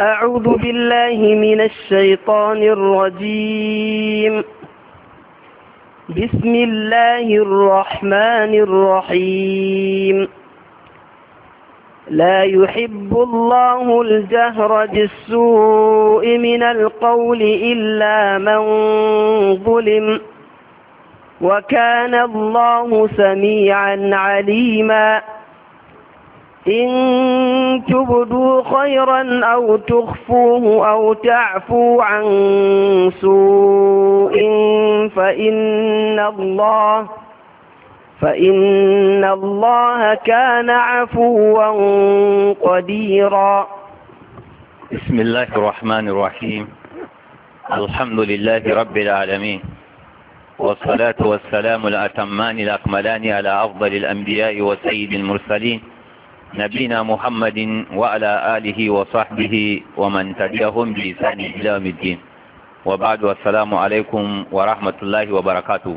أعوذ بالله من الشيطان الرجيم بسم الله الرحمن الرحيم لا يحب الله الجهر بالسوء من القول إلا من ظلم وكان الله سميعا عليما إن تبدوا خيرا أو تخفوه أو تعفوا عن سوء فإن الله فإن الله كان عفوا قديرا بسم الله الرحمن الرحيم الحمد لله رب العالمين والصلاة والسلام الأتمان الأكملان على أفضل الأنبياء وسيد المرسلين نبينا محمد وعلى آله وصحبه ومن تبعهم بإحسان إلى يوم الدين وبعد والسلام عليكم ورحمة الله وبركاته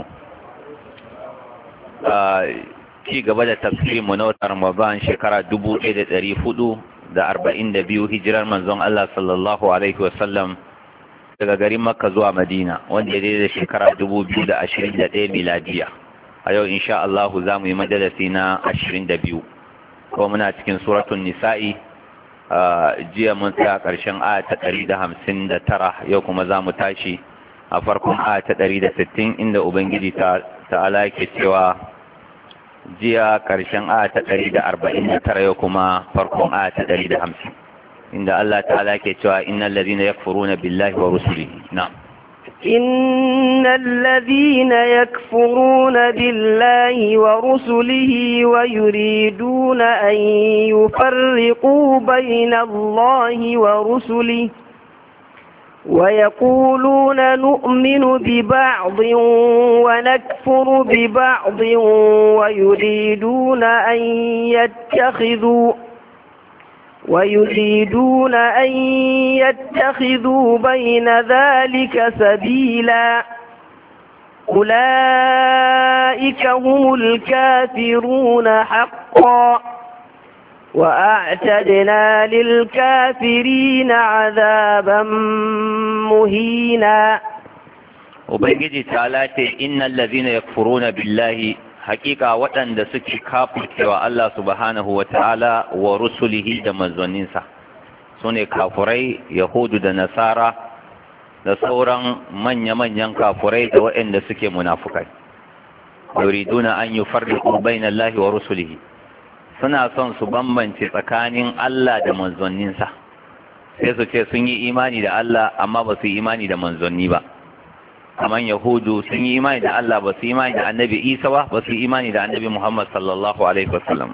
ci gaba da tafsirin na watan Ramadan shekara dubu ɗaya da ɗari hudu da arba'in da biyu hijirar manzon Allah sallallahu alaihi wasallam daga garin Makka zuwa Madina wanda ya daidai da shekara dubu biyu da ashirin da ɗaya miladiya a yau insha za mu yi na ashirin da biyu ko muna cikin suratun nisa'i jiya mun tsaya ƙarshen aya ta ɗari da hamsin da tara yau kuma za mu tashi a farkon aya ta ɗari da sittin inda ubangiji ta'ala yake cewa jiya ƙarshen aya ta ɗari da arba'in da tara yau kuma farkon aya ta ɗari da hamsin inda Allah ta'ala yake cewa innal ladina yakfuruna billahi wa rusulihi na'am إن الذين يكفرون بالله ورسله ويريدون أن يفرقوا بين الله ورسله ويقولون نؤمن ببعض ونكفر ببعض ويريدون أن يتخذوا ويريدون أن يتخذوا بين ذلك سبيلا أولئك هم الكافرون حقا وأعتدنا للكافرين عذابا مهينا وبيجي تعالى إن الذين يكفرون بالله hakika waɗanda suke kafurcewa Allah subhanahu wa ta'ala wa rusulihi da manzoninsa su ne kafurai yahudu da nasara da sauran manya-manyan kafurai da waɗanda suke munafukai yuriduna an yi farin na Allah wa rusulihi suna son su bambance tsakanin Allah da manzoninsa sai su ce sun yi imani da Allah amma ba su yi imani da manzanni ba kaman yahudu sun yi imani da Allah ba su imani da annabi Isa ba ba su imani da annabi Muhammad sallallahu alaihi wasallam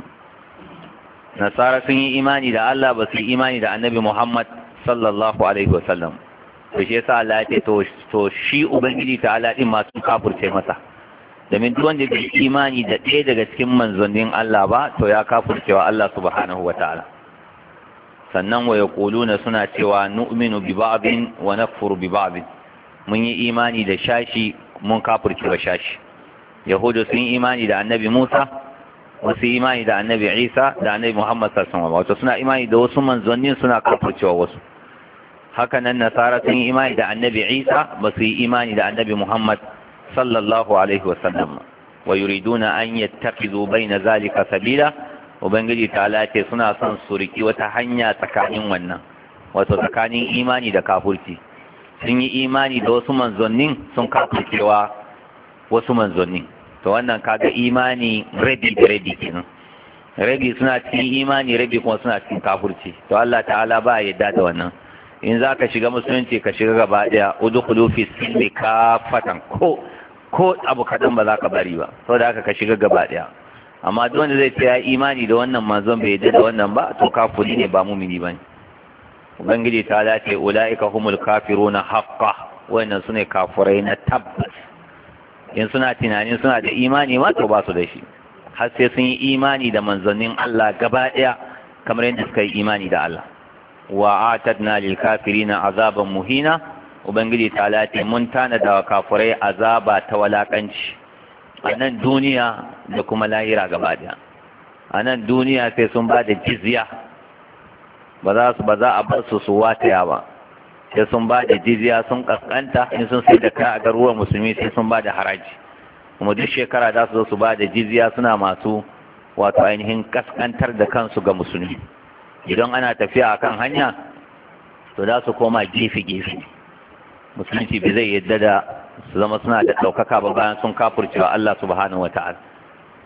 nasara sun yi imani da Allah ba su imani da annabi Muhammad sallallahu alaihi wasallam to shi yasa Allah ya ce to to shi ubangiji ta Allah din ma sun kafurce masa domin duk wanda bai imani da ɗaya daga cikin manzonin Allah ba to ya kafurcewa Allah subhanahu wataala sannan wa yaquluna suna cewa nu'minu bi ba'din wa nakfuru bi ba'din mun yi imani da shashi mun kafurci wa shashi yahudu sun yi imani da annabi musa wasu imani da annabi isa da annabi muhammad sassan wa wato suna imani da wasu manzannin suna kafurci kafurcewa wasu hakanan nasara sun yi imani da annabi isa ba su yi imani da annabi muhammad sallallahu alaihi wasallam wa yuriduna an yattakhidhu baina zalika sabila ubangiji ta ce suna son su riki wata hanya tsakanin wannan wato tsakanin imani da kafurci sun yi imani da wasu manzonin sun cewa wasu manzonin to wannan kaga imani rabi da rabi kenan rabi suna cikin imani rabi kuma suna cikin kafurci to Allah ta'ala ba ya yarda da wannan in za ka shiga musulunci ka shiga gaba daya udkhulu fi silmi kafatan ko ko abu kadan ba za ka bari ba da haka ka shiga gaba daya amma duk wanda zai ce ya imani da wannan manzon bai yarda da wannan ba to kafuri ne ba mumini bane ubangiji ta dace ula'ika humul kafiruna haqqa wannan sune kafurai na tabbas in suna tunanin suna da imani ma to ba su da shi har sai sun yi imani da manzannin Allah gaba daya kamar yadda suka yi imani da Allah wa atadna lil kafirina azaban muhina ubangiji ta dace mun tana da kafurai azaba ta walakanci a nan duniya da kuma lahira gaba daya a nan duniya sai sun ba da jizya ba za su ba za a bar su su wataya ba sai sun ba da jizya sun kaskanta in sun sai da kaya a garuruwan musulmi sai sun ba da haraji kuma duk shekara za su zo su ba da jizya suna masu wato ainihin kaskantar da kansu ga musulmi idan ana tafiya a kan hanya to za su koma gefe gefe musulunci bai zai yadda da su zama suna da ɗaukaka ba bayan sun kafurcewa Allah subhanahu ta'ala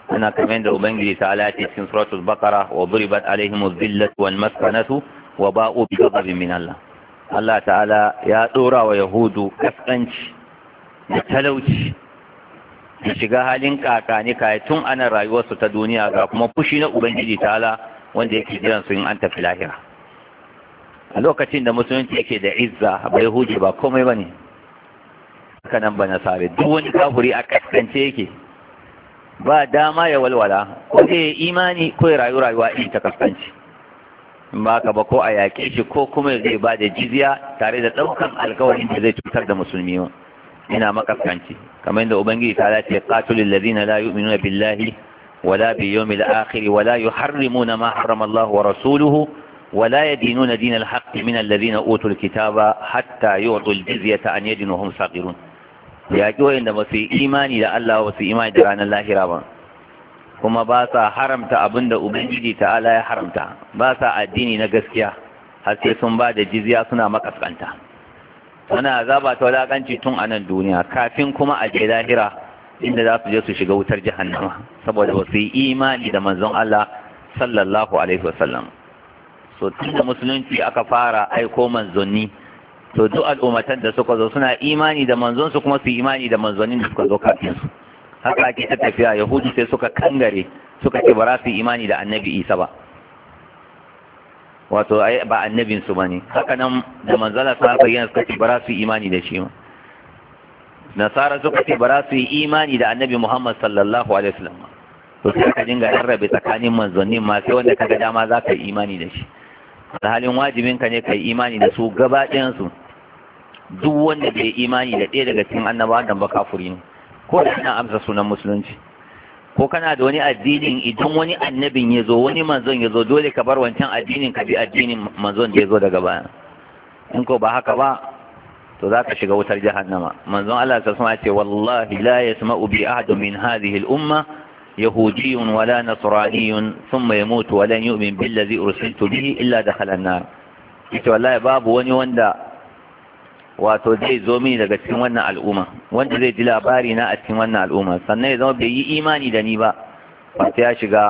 ana kamar da ubangiji ta alaƙi cikin suratul bakara wa duribat alaihim zillatu wal maskanatu wa ba'u bi ghadabin min Allah Allah ta'ala ya dora wa yahudu kaskanci da talauci da shiga halin kakani kai tun ana rayuwarsu ta duniya ga kuma fushi na ubangiji ta'ala wanda yake jiran su in an tafi lahira a lokacin da musulunci yake da izza ba yahudi ba komai bane haka nan ba nasare duk wani kafuri a kaskance yake ba dama ya walwala ko zai imani ko ya rayu rayuwa in ta kaskanci in ba ka ba ko a yaƙe shi ko kuma zai ba da jizya tare da ɗaukan alkawarin da zai cutar da musulmi ina makaskanci kamar yadda ubangiji ta ce qatilul ladina la yu'minuna billahi wala bi yawmil akhir wala yuharrimuna ma harrama Allah wa rasuluhu ولا يدينون دين الحق من الذين utul, kitaba, hatta يعطوا الجزية an يد وهم yaƙi wa'inda ba su yi imani da Allah ba su imani da ranar lahira ba kuma ba sa haramta abin da Ubangiji ta'ala ya haramta ba sa addini na gaskiya har sai sun ba da jizya suna makaskanta suna zaba ta wadakanci tun a nan duniya kafin kuma a je lahira inda za su je su shiga wutar jahannama saboda ba su yi imani da manzon Allah sallallahu alaihi wasallam so da musulunci aka fara aiko manzanni to duk al'ummatan da suka zo suna imani da manzon su kuma su imani da manzonin da suka zo kafin su haka ake ta tafiya yahudu sai suka kangare suka ce ba za su imani da annabi isa ba wato ai ba annabin su bane haka nan da manzala sa aka yana suka ce ba za su imani da shi ba nasara suka ce ba za su yi imani da annabi muhammad sallallahu alaihi wasallam to sai ka dinga rarrabe tsakanin manzonin ma sai wanda kaga dama za ka yi imani da shi wajibin ka ne ka yi imani da su gaba ɗayan su duk wanda bai imani da ɗaya daga cikin annaba dan ba kafuri ne ko da ana amsa sunan musulunci ko kana da wani addinin idan wani annabin ya zo wani manzon ya zo dole ka bar wancan addinin ka bi addinin manzon da ya zo daga baya in ko ba haka ba to za ka shiga wutar jahannama manzon Allah ta sama ce wallahi la yasma'u bi ahadin min hadhihi al-umma yahudiyyun wala nasraniyyun thumma yamutu wa lan yu'min billazi ursiltu bihi illa dakhala an-nar ita wallahi babu wani wanda wato zai zo mini daga cikin wannan al'umma wanda zai ji labari na a cikin wannan al'umma sannan ya zama bai yi imani da ni ba wato ya shiga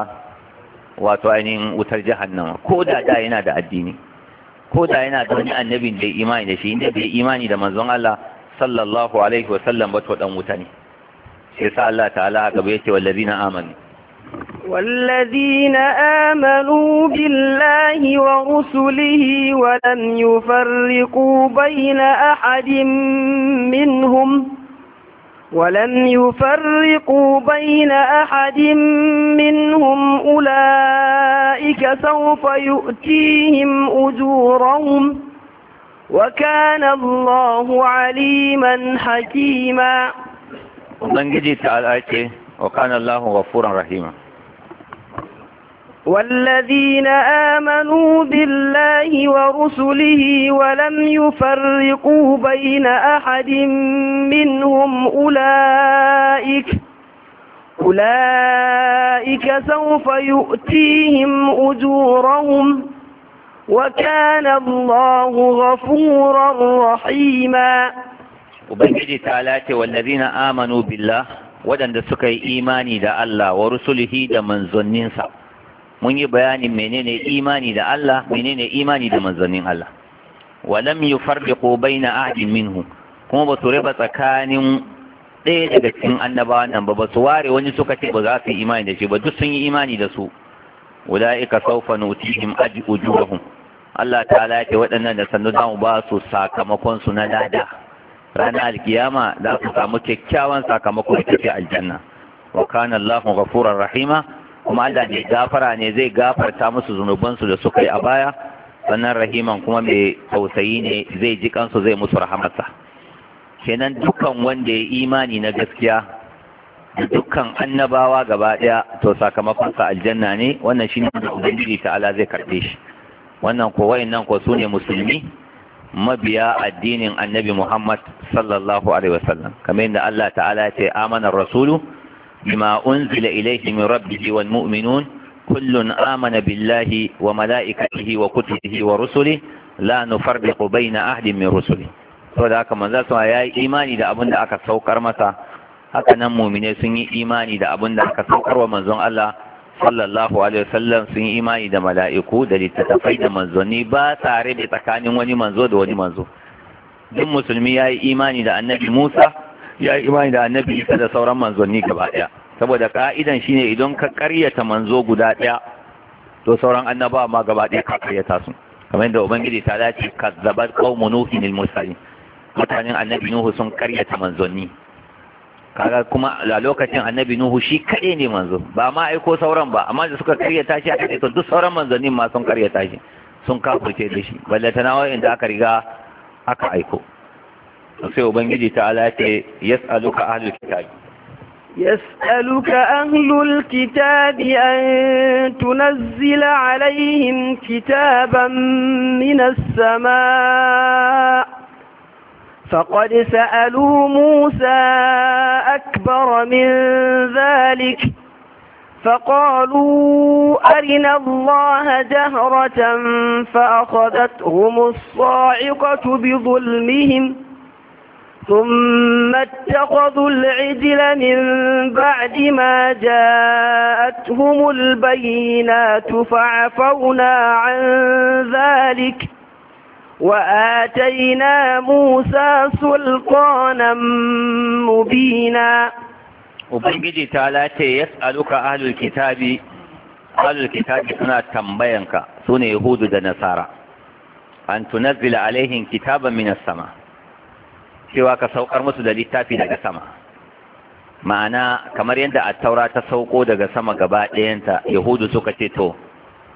wato ainihin wutar jahannama ko da da yana da addini ko da yana da wani annabin da ya imani da shi inda bai imani da manzon Allah sallallahu alaihi wa sallam ba to dan wuta ne sai sa Allah ta'ala gaba yake wallazina amanu والذين آمنوا بالله ورسله ولم يفرقوا بين أحد منهم ولم يفرقوا بين أحد منهم أولئك سوف يؤتيهم أجورهم وكان الله عليما حكيما وكان الله غفورا رحيما والذين آمنوا بالله ورسله ولم يفرقوا بين أحد منهم أولئك أولئك سوف يؤتيهم أجورهم وكان الله غفورا رحيما وبنجي تعالى والذين آمنوا بالله ودن دسكي إيماني دا الله ورسله دا منزنين سعب mun yi bayanin menene imani da Allah menene imani da manzannin Allah walam yufarriqu baina ahadin minhu kuma ba su raba tsakanin ɗaya daga cikin annabawan nan ba ba su ware wani suka ce ba za su yi imani da shi ba duk sun yi imani da su ulaika sawfa nutihim ajruhum Allah ta'ala ya ce waɗannan da sannu za mu ba su sakamakon su na lada ranar alkiyama za su samu kyakkyawan sakamako da take aljanna wa kana Allahu ghafurur rahima kuma Allah mai gafara ne zai gafarta musu zunubansu da suka yi a baya sannan rahiman kuma mai tausayi ne zai ji kansu zai musu rahamarsa kenan dukkan wanda ya imani na gaskiya da dukkan annabawa gaba daya to sakamakon sa aljanna ne wannan shine da ubangiji ta'ala zai karbe shi wannan ko wayannan ko sune musulmi mabiya addinin annabi Muhammad sallallahu alaihi wasallam kamar yadda Allah ta'ala ya ce amana rasulu بما أنزل إليه من ربه والمؤمنون كل آمن بالله وملائكته وكتبه ورسله لا نفرق بين أحد من رسله saboda haka manzo sun ya yi imani da abin da aka saukar masa haka nan mumine sun yi imani da abin da aka saukar wa manzon Allah sallallahu alaihi wasallam sun yi imani da mala'iku da littattafai da manzoni ba tare da tsakanin wani manzo da wani manzo duk musulmi ya yi imani da annabi Musa ya yi imani da annabi isa da sauran manzanni gaba ɗaya saboda ka'idan shine idan ka karyata manzo guda ɗaya to sauran annaba ma gaba ɗaya ka karyata su kamar yadda ubangiji ta dace kazzabat qaumu nuhin al-mursalin mutanen annabi nuhu sun karyata manzanni kaga kuma a lokacin annabi nuhu shi kaɗai ne manzo ba ma aiko sauran ba amma da suka karyata shi aka to duk sauran manzannin ma sun karyata shi sun kafurce da shi balle ta inda aka riga aka aiko sai ubangiji تعالى ala ce yas'aluka ahlul يسألك أهل الكتاب أن تنزل عليهم كتابا من السماء فقد سألوا موسى أكبر من ذلك فقالوا أرنا الله جهرة فأخذتهم الصاعقة بظلمهم ثم اتخذوا العجل من بعد ما جاءتهم البينات فعفونا عن ذلك وآتينا موسى سلطانا مبينا أبنجد تعالى يسألك أهل الكتاب أهل الكتاب هنا تنبينك سنة يهود دنسارة أن تنزل عليهم كتابا من السماء cewa ka saukar musu da littafi daga sama ma'ana kamar yadda attaura ta sauko daga sama gaba ɗayanta yahudu suka ce to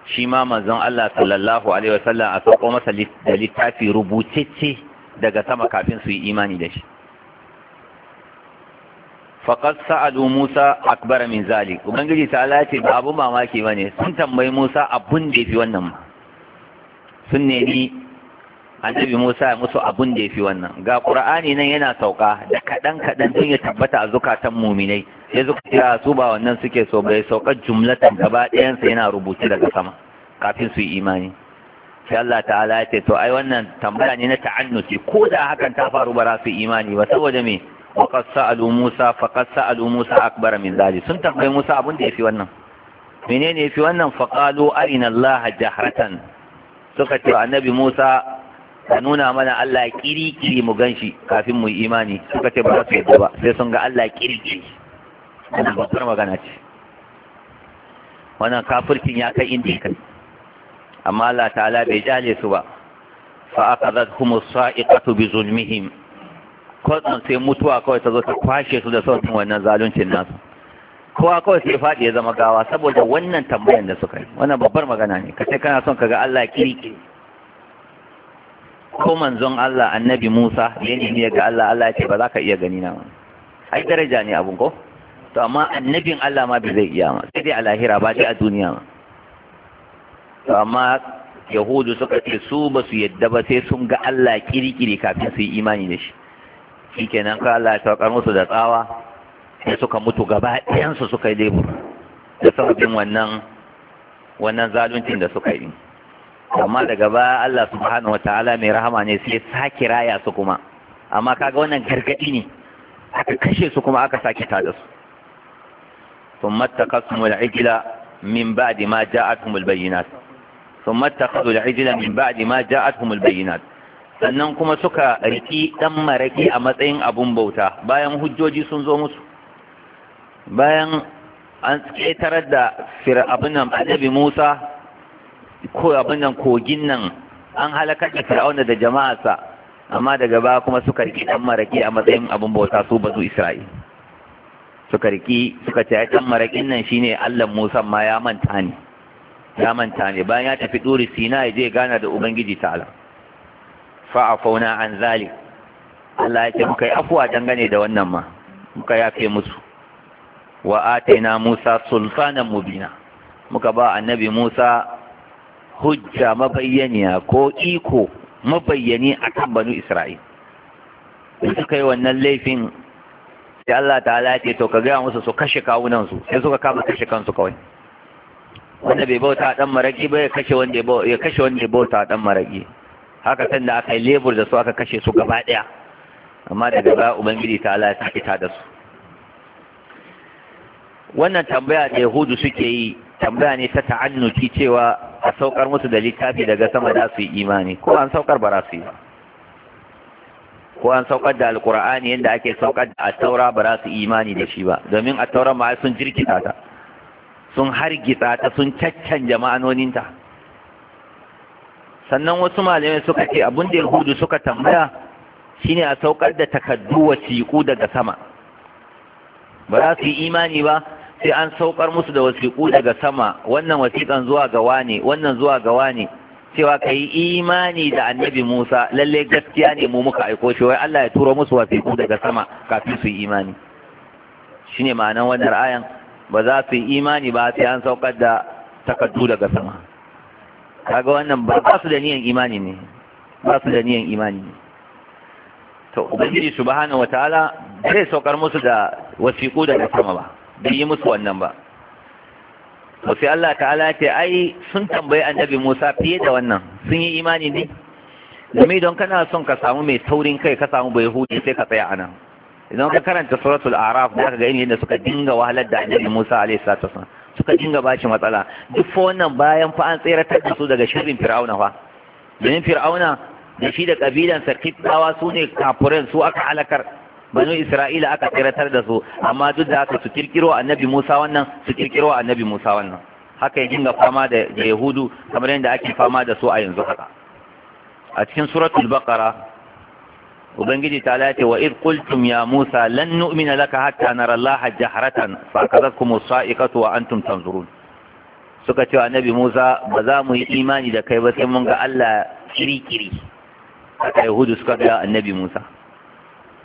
shi ma manzon Allah sallallahu alaihi wasallam a sauko masa da littafi rubutacce daga sama kafin su yi imani da shi faqad sa'alu Musa akbar min zalik ubangiji ta Allah ce ba abun mamaki bane sun tambayi Musa abun da yafi wannan sun nemi annabi Musa ya musu abun da ya fi wannan ga Qur'ani nan yana sauka da kaɗan kaɗan don ya tabbata a zukatan muminai sai suka kira su ba wannan suke so bai sauka jumlatan gaba ɗayan sa yana rubutu daga sama kafin su yi imani sai Allah ta'ala ya ce to ai wannan tambaya ne na ta'annuci ko da hakan ta faru ba za su yi imani ba saboda me وقد سألوا موسى فقد سألوا موسى أكبر min ذلك sun tambayi Musa abun da ya fi wannan menene ya fi wannan faqalu arina Allah jahratan suka ce annabi Musa ka nuna mana Allah kirikiri mu ganshi kafin mu yi imani suka ce ba za su yadda ba sai sun ga Allah kirikiri wannan babbar magana ce wannan kafirkin ya kai inda kai amma Allah ta'ala bai jale su ba fa akadathum as-sa'iqatu bi zulmihim kwatsan sai mutuwa kawai ta zo ta kwashe su da sautin wannan zaluncin nasu kowa kawai sai faɗi ya zama gawa saboda wannan tambayan da suka yi wannan babbar magana ne ka ce kana son ka ga Allah kirikiri ko manzon Allah annabi Musa ya nemi ga Allah Allah ya ce ba za ka iya gani na ai daraja ne abun ko to amma annabin Allah ma bai zai iya ma sai dai a lahira ba dai a duniya ma to amma yahudu suka ce su ba su yadda ba sai sun ga Allah kirikiri kafin su yi imani da shi shikenan ka Allah ya saukar musu da tsawa sai suka mutu gaba ɗayansu suka yi lebur da sabbin wannan wannan zaluncin da suka yi amma daga baya Allah subhanahu ta'ala mai rahama ne sai sake raya su kuma amma kaga wannan gargadi ne aka kashe su kuma aka sake tada su ثم اتخذتم العجل من بعد ما جاءتهم البينات ثم اتخذوا العجل من بعد ما جاءتهم البينات sannan kuma suka riki dan maraki a matsayin abun bauta bayan hujjoji sun zo musu bayan an ƙetarar da fir'abunan annabi Musa ko abin nan kogin nan an halakar da fir'auna da jama'arsa amma daga baya kuma suka riki dan maraki a matsayin abin bauta su bazu isra'il suka riki suka ce dan marakin nan shine Allah Musa ma ya manta ne ya manta ne bayan ya tafi duri Sina ya je gana da ubangiji ta'ala fa afauna an zalik Allah ya ce muka yi afuwa dangane da wannan ma muka yafe musu wa ataina Musa sulfanan mubina muka ba annabi Musa hujja mabayyaniya ko iko mabayyani kan banu Isra'il in suka yi wannan laifin sai Allah ta'ala ce to ka gaya musu su kashe kawunan su sai suka kama kashe kansu kawai wanda bai bauta a dan maraki ba ya kashe wanda ya kashe wanda ya bauta dan maraki haka san da aka yi lebur da su aka kashe su gaba daya amma daga ba ubangiji ta'ala ya saki ta da su wannan tambaya da yahudu suke yi tambaya ne ta ta'annuki cewa a saukar musu da littafi daga sama da su yi imani ko an saukar ba su yi ba ko an saukar da alkur'ani yadda ake saukar da attaura ba su imani da shi ba domin attaura ma sun jirkita ta sun hargitsa ta sun caccanja ma'anoninta sannan wasu malamai suka ce abin da yahudu suka tambaya shine a saukar da takaddu wasiƙu daga sama ba za su yi imani ba sai an saukar musu da wasiƙu daga sama wannan wasiƙan zuwa ga ne, wannan zuwa ga ne cewa ka yi imani da annabi Musa lalle gaskiya ne mu muka aiko shi wai Allah ya turo musu wasiƙu daga sama kafin su yi imani shine ma'anan wannan ayan ba za su yi imani ba sai an saukar da takardu daga sama kaga wannan ba ba su da niyan imani ne ba su da niyan imani ne to ubangiji subhanahu wataala zai saukar musu da wasiƙu daga sama ba bai yi musu wannan ba to sai Allah ta'ala ya ce ai sun tambayi annabi Musa fiye da wannan sun yi imani ne domin don kana son ka samu mai taurin kai ka samu bai hude sai ka tsaya anan idan ka karanta suratul araf za ka ga yadda suka dinga wahalar da annabi Musa alaihi salatu wasallam suka dinga bashi matsala duk fa wannan bayan fa an tseratar da su daga shirin fir'auna fa domin fir'auna da shi da kabilansa kitawa su ne kafuran su aka halakar banu isra'ila aka tiratar da su amma duk da haka su kirkiro annabi musa wannan su kirkiro annabi musa wannan haka ya dinga fama da yahudu kamar yadda ake fama da su a yanzu haka a cikin suratul baqara ubangiji ta lati wa id qultum ya musa lan nu'mina laka hatta nara allah jahratan fa kadhakum sa'iqatu wa antum tanzurun suka cewa annabi musa ba za mu yi imani da kai ba sai mun ga allah kiri kiri haka yahudu suka ga annabi musa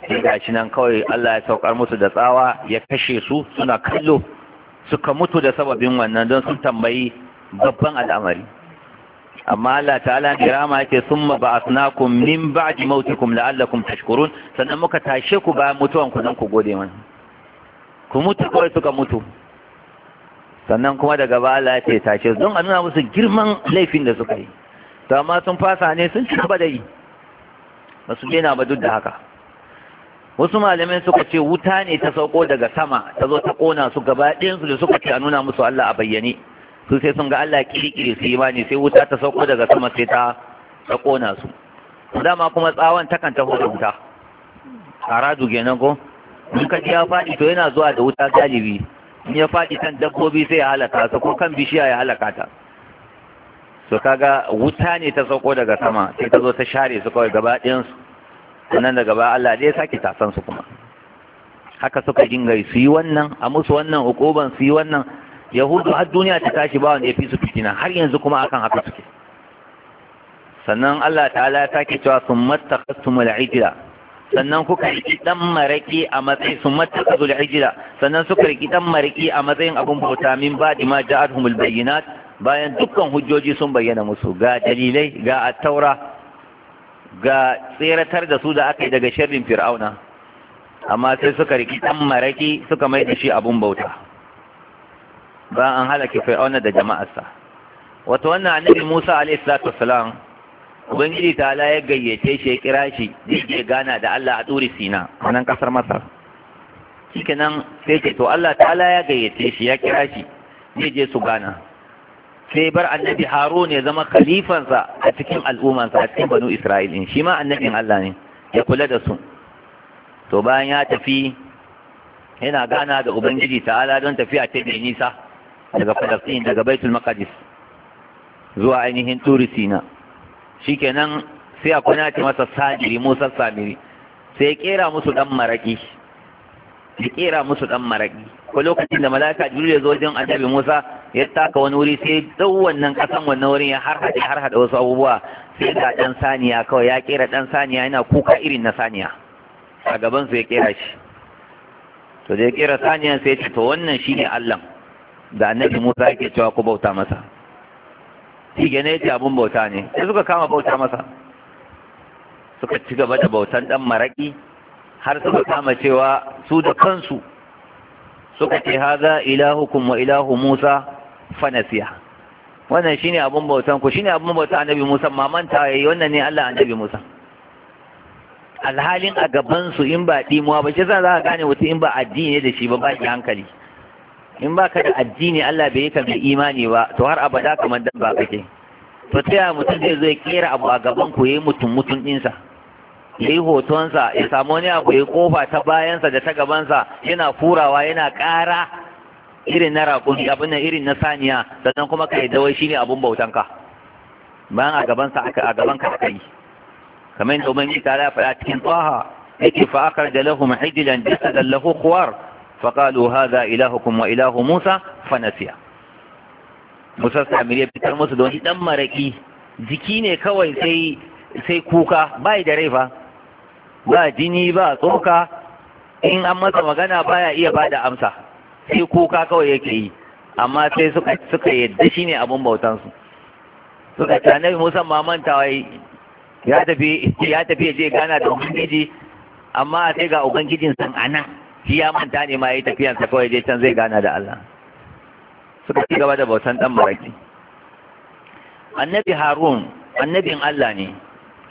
sai gashi nan kawai Allah ya saukar musu da tsawa ya kashe su suna kallo suka mutu da sababin wannan don sun tambayi babban al'amari amma Allah ta'ala ne rama yake summa ba'athnakum min ba'di mautikum la'allakum tashkurun sannan muka tashe ku bayan mutuwan ku don ku gode mana ku mutu kawai suka mutu sannan kuma daga ba Allah ya tashe don a nuna musu girman laifin da suka yi to amma sun fasa ne sun ci gaba da yi ba su na ba duk da haka wasu malamai suka ce wuta ne ta sauko daga sama ta zo ta kona su gaba ɗayan su da suka ce a nuna musu Allah a bayyane su sai sun ga Allah kirikiri su yi imani sai wuta ta sauko daga sama sai ta ta kona su dama kuma tsawon kan taho da wuta a radu kenan ko in ka ji ya faɗi to yana zuwa da wuta galibi in ya faɗi kan dabbobi sai ya halaka ta ko kan bishiya ya halaka ta so kaga wuta ne ta sauko daga sama sai ta zo ta share su kawai gaba ɗayan su sannan daga ba Allah dai sake tasan su kuma haka suka dinga su yi wannan a musu wannan hukuban su yi wannan yahudu har duniya ta tashi ba wanda ya fi su fitina har yanzu kuma akan haka suke sannan Allah ta'ala ya sake cewa sun mattakastu mul'ijila sannan kuka riki dan maraki a matsayin sun mattakastu mul'ijila sannan suka riki dan maraki a matsayin abun bauta min ba di ma humul bayyinat bayan dukkan hujjoji sun bayyana musu ga dalilai ga at-taura ga tseratar da su da aka yi daga shirin fir'auna amma sai suka riki dan maraki suka mai da shi abun bauta ba an halaka fir'auna da jama'arsa wato wannan annabi Musa alaihi salatu wassalam ubangiji ta ala ya gayyace shi ya kira shi zai gana da Allah a turi Sina a nan kasar Masar shikenan sai ce to Allah ta ala ya gayyace shi ya kira shi zai je su gana sai bar annabi harun ya zama khalifansa a cikin al'ummansa a cikin banu isra'il shi ma annabin Allah ne ya kula da su to bayan ya tafi yana gana da ubangiji ta'ala don tafiya ta mai nisa daga falastin daga baitul maqdis zuwa ainihin turi sina shikenan sai a kwana ta masa samiri musa samiri sai ya kera musu dan maraki ya kera musu dan maraki ko lokacin da mala'ika jibril ya zo wajen annabi musa ya taka wani wuri sai dau wannan kasan wannan wurin ya har hada har hada wasu abubuwa sai ga dan saniya kawai ya kera dan saniya yana kuka irin na saniya a gaban su ya kera shi to da ya kera saniya sai ce to wannan shine Allah da annabi Musa yake cewa ku bauta masa shi gane yace abun bauta ne sai suka kama bauta masa suka ci gaba da bautan dan maraki har suka kama cewa su da kansu suka ce haza ilahukum wa ilahu Musa fanasiya wannan shine abun bautan ku shine abun bautan annabi Musa ma manta yayi wannan ne Allah annabi Musa alhalin a gaban su in ba dimuwa ba shi za ka gane mutum in ba addini da shi ba ba ki hankali in ba ka da addini Allah bai yi ka mai imani ba to har abada kamar dan ba kake to ta mutum zai zo ya kera abu a gaban ku yayi mutum mutum dinsa yayi hotonsa ya samu wani abu ya kofa ta bayansa da ta gabansa yana furawa yana ƙara irin na raƙumi abin nan irin na saniya sannan kuma ka yadda wai shine abun bautanka bayan a gaban sa aka a gaban ka aka yi kamar yadda ubangi ta ya faɗa cikin tsaha yake fa akar da lahum hijilan jasadan lahu khuwar fa qalu hadha ilahukum wa ilahu musa fa nasiya musa samiri ya fitar musu da wani dan maraki jiki ne kawai sai sai kuka bai da rai fa ba jini ba tsoka in an masa magana baya iya bada amsa sai kuka kawai yake yi amma sai suka suka yadda shine abin bautan su suka ce annabi Musa ma ya tafi ya tafi je gana da ubangiji amma sai ga ubangijin san anan shi ya manta ne ma yayi tafiyan sa kawai je can zai gana da Allah suka ci gaba da bautan dan maraki annabi Harun annabin Allah ne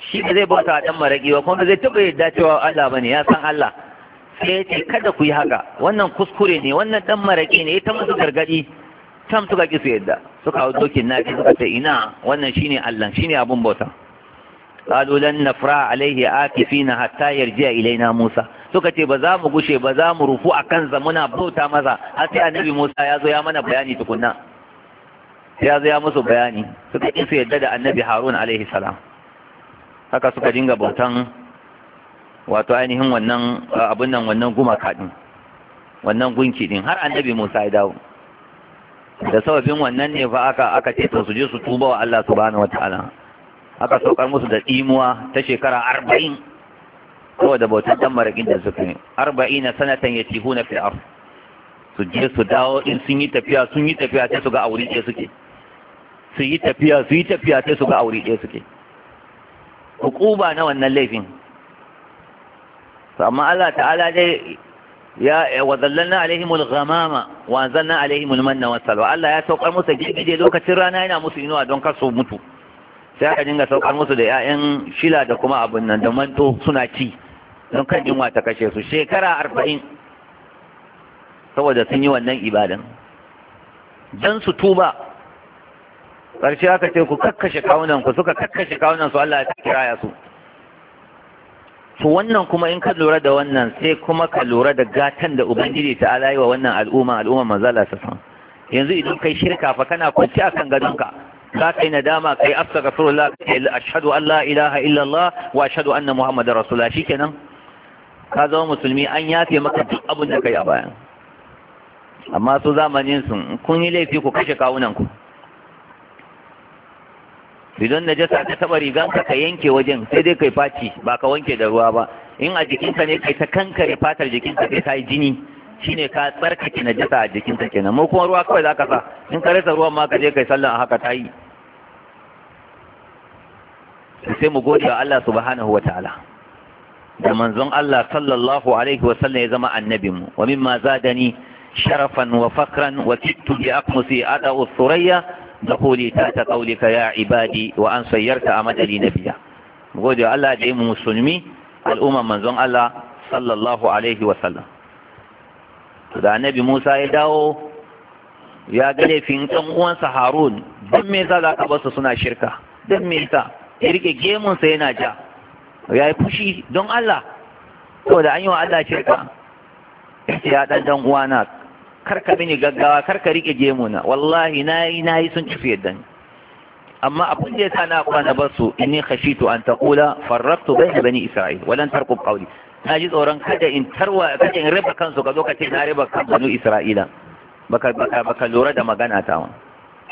shi ba zai bauta dan maraki ba kuma zai taba yadda cewa Allah bane ya san Allah sai ya ce kada ku yi haka wannan kuskure ne wannan dan maraƙi ne ita musu gargaɗi tam suka ki su yadda suka hau dokin na fi suka ce ina wannan shine Allah shine abun bauta qalu lan nafra alaihi akifina hatta yarji'a ilaina Musa suka ce ba za mu gushe ba za mu rufu akan kan muna bauta masa har sai annabi Musa ya zo ya mana bayani tukunna ya zo ya musu bayani suka ƙi su yadda da annabi Harun alaihi salam haka suka dinga bautan wato ainihin wannan abun nan wannan gumaka din wannan gunki din har annabi Musa ya dawo da sababin wannan ne fa aka aka ce to su je su tuba wa Allah subhanahu wataala aka saukar musu da imuwa ta shekara arba'in da bautar dan marakin da suka yi arba'ina sanatan yatihuna fil ard su je su dawo in sun yi tafiya sun yi tafiya sai su ga aure ɗaya suke su yi tafiya su yi tafiya sai su ga aure ɗaya suke kuba na wannan laifin amma Allah ta'ala dai ya wa zallanna alaihimul ghamama wa anzalna alaihimul manna wa salwa Allah ya saukar musu gidaje lokacin rana yana musu inuwa don kar su mutu sai aka dinga saukar musu da 'ya'yan shila da kuma abun nan da manto suna ci don kan yunwa ta kashe su shekara arba'in saboda sun yi wannan ibadan don su tuba ƙarshe aka ce ku kakkashe kawunan ku suka kakkashe kawunan su Allah ya kira ya su to wannan kuma in ka lura da wannan sai kuma ka lura da gatan da ubangiji ta alayi wa wannan al'umma al'umma manzala ta san yanzu idan kai shirka fa kana kwanci kan gadonka za ka yi nadama ka yi astaghfirullah ka yi ashhadu an la ilaha illallah wa ashhadu anna muhammadar rasulullah kenan ka zama musulmi an yafe maka duk abin da kai a bayan amma su zamanin sun kun yi laifi ku kashe kawunan ku idan najasa ta taba riganka ka yanke wajen sai dai kai faci ba ka wanke da ruwa ba in a jikinka ne kai ta kankare fatar jikinka sai ta yi jini shine ka tsarkake najasa a jikinka kenan mu kuma ruwa kawai zaka sa in ka rasa ruwan ma ka je kai sallah haka ta yi sai mu gode wa Allah subhanahu wataala da manzon Allah sallallahu alaihi wa sallam ya zama annabin mu wa mimma zadani sharafan wa fakran wa kittu bi aqmusi ada usuriya ta ta نقولي تحت قولك يا عبادي وأن a madali na biya gode Allah da yi mu musulmi al'umman manzon Allah sallallahu alaihi wasallam da annabi Musa ya dawo ya ga laifin ɗan uwansa Harun don me yasa za ka basu suna shirka don me yasa ya rike gemun sa yana ja ya yi fushi don Allah saboda an yi wa Allah shirka ya dan dan uwana karka mini gaggawa karka rike na wallahi nayi nayi sun ci fiye da ni amma abin da yasa na bar su inni khashitu an taqula farraqtu bayna bani isra'il walan tarqub qawli na ji tsoron kada in tarwa kada in riba kansu ka zo ka ce na riba kan banu isra'ila baka baka baka lura da magana ta wa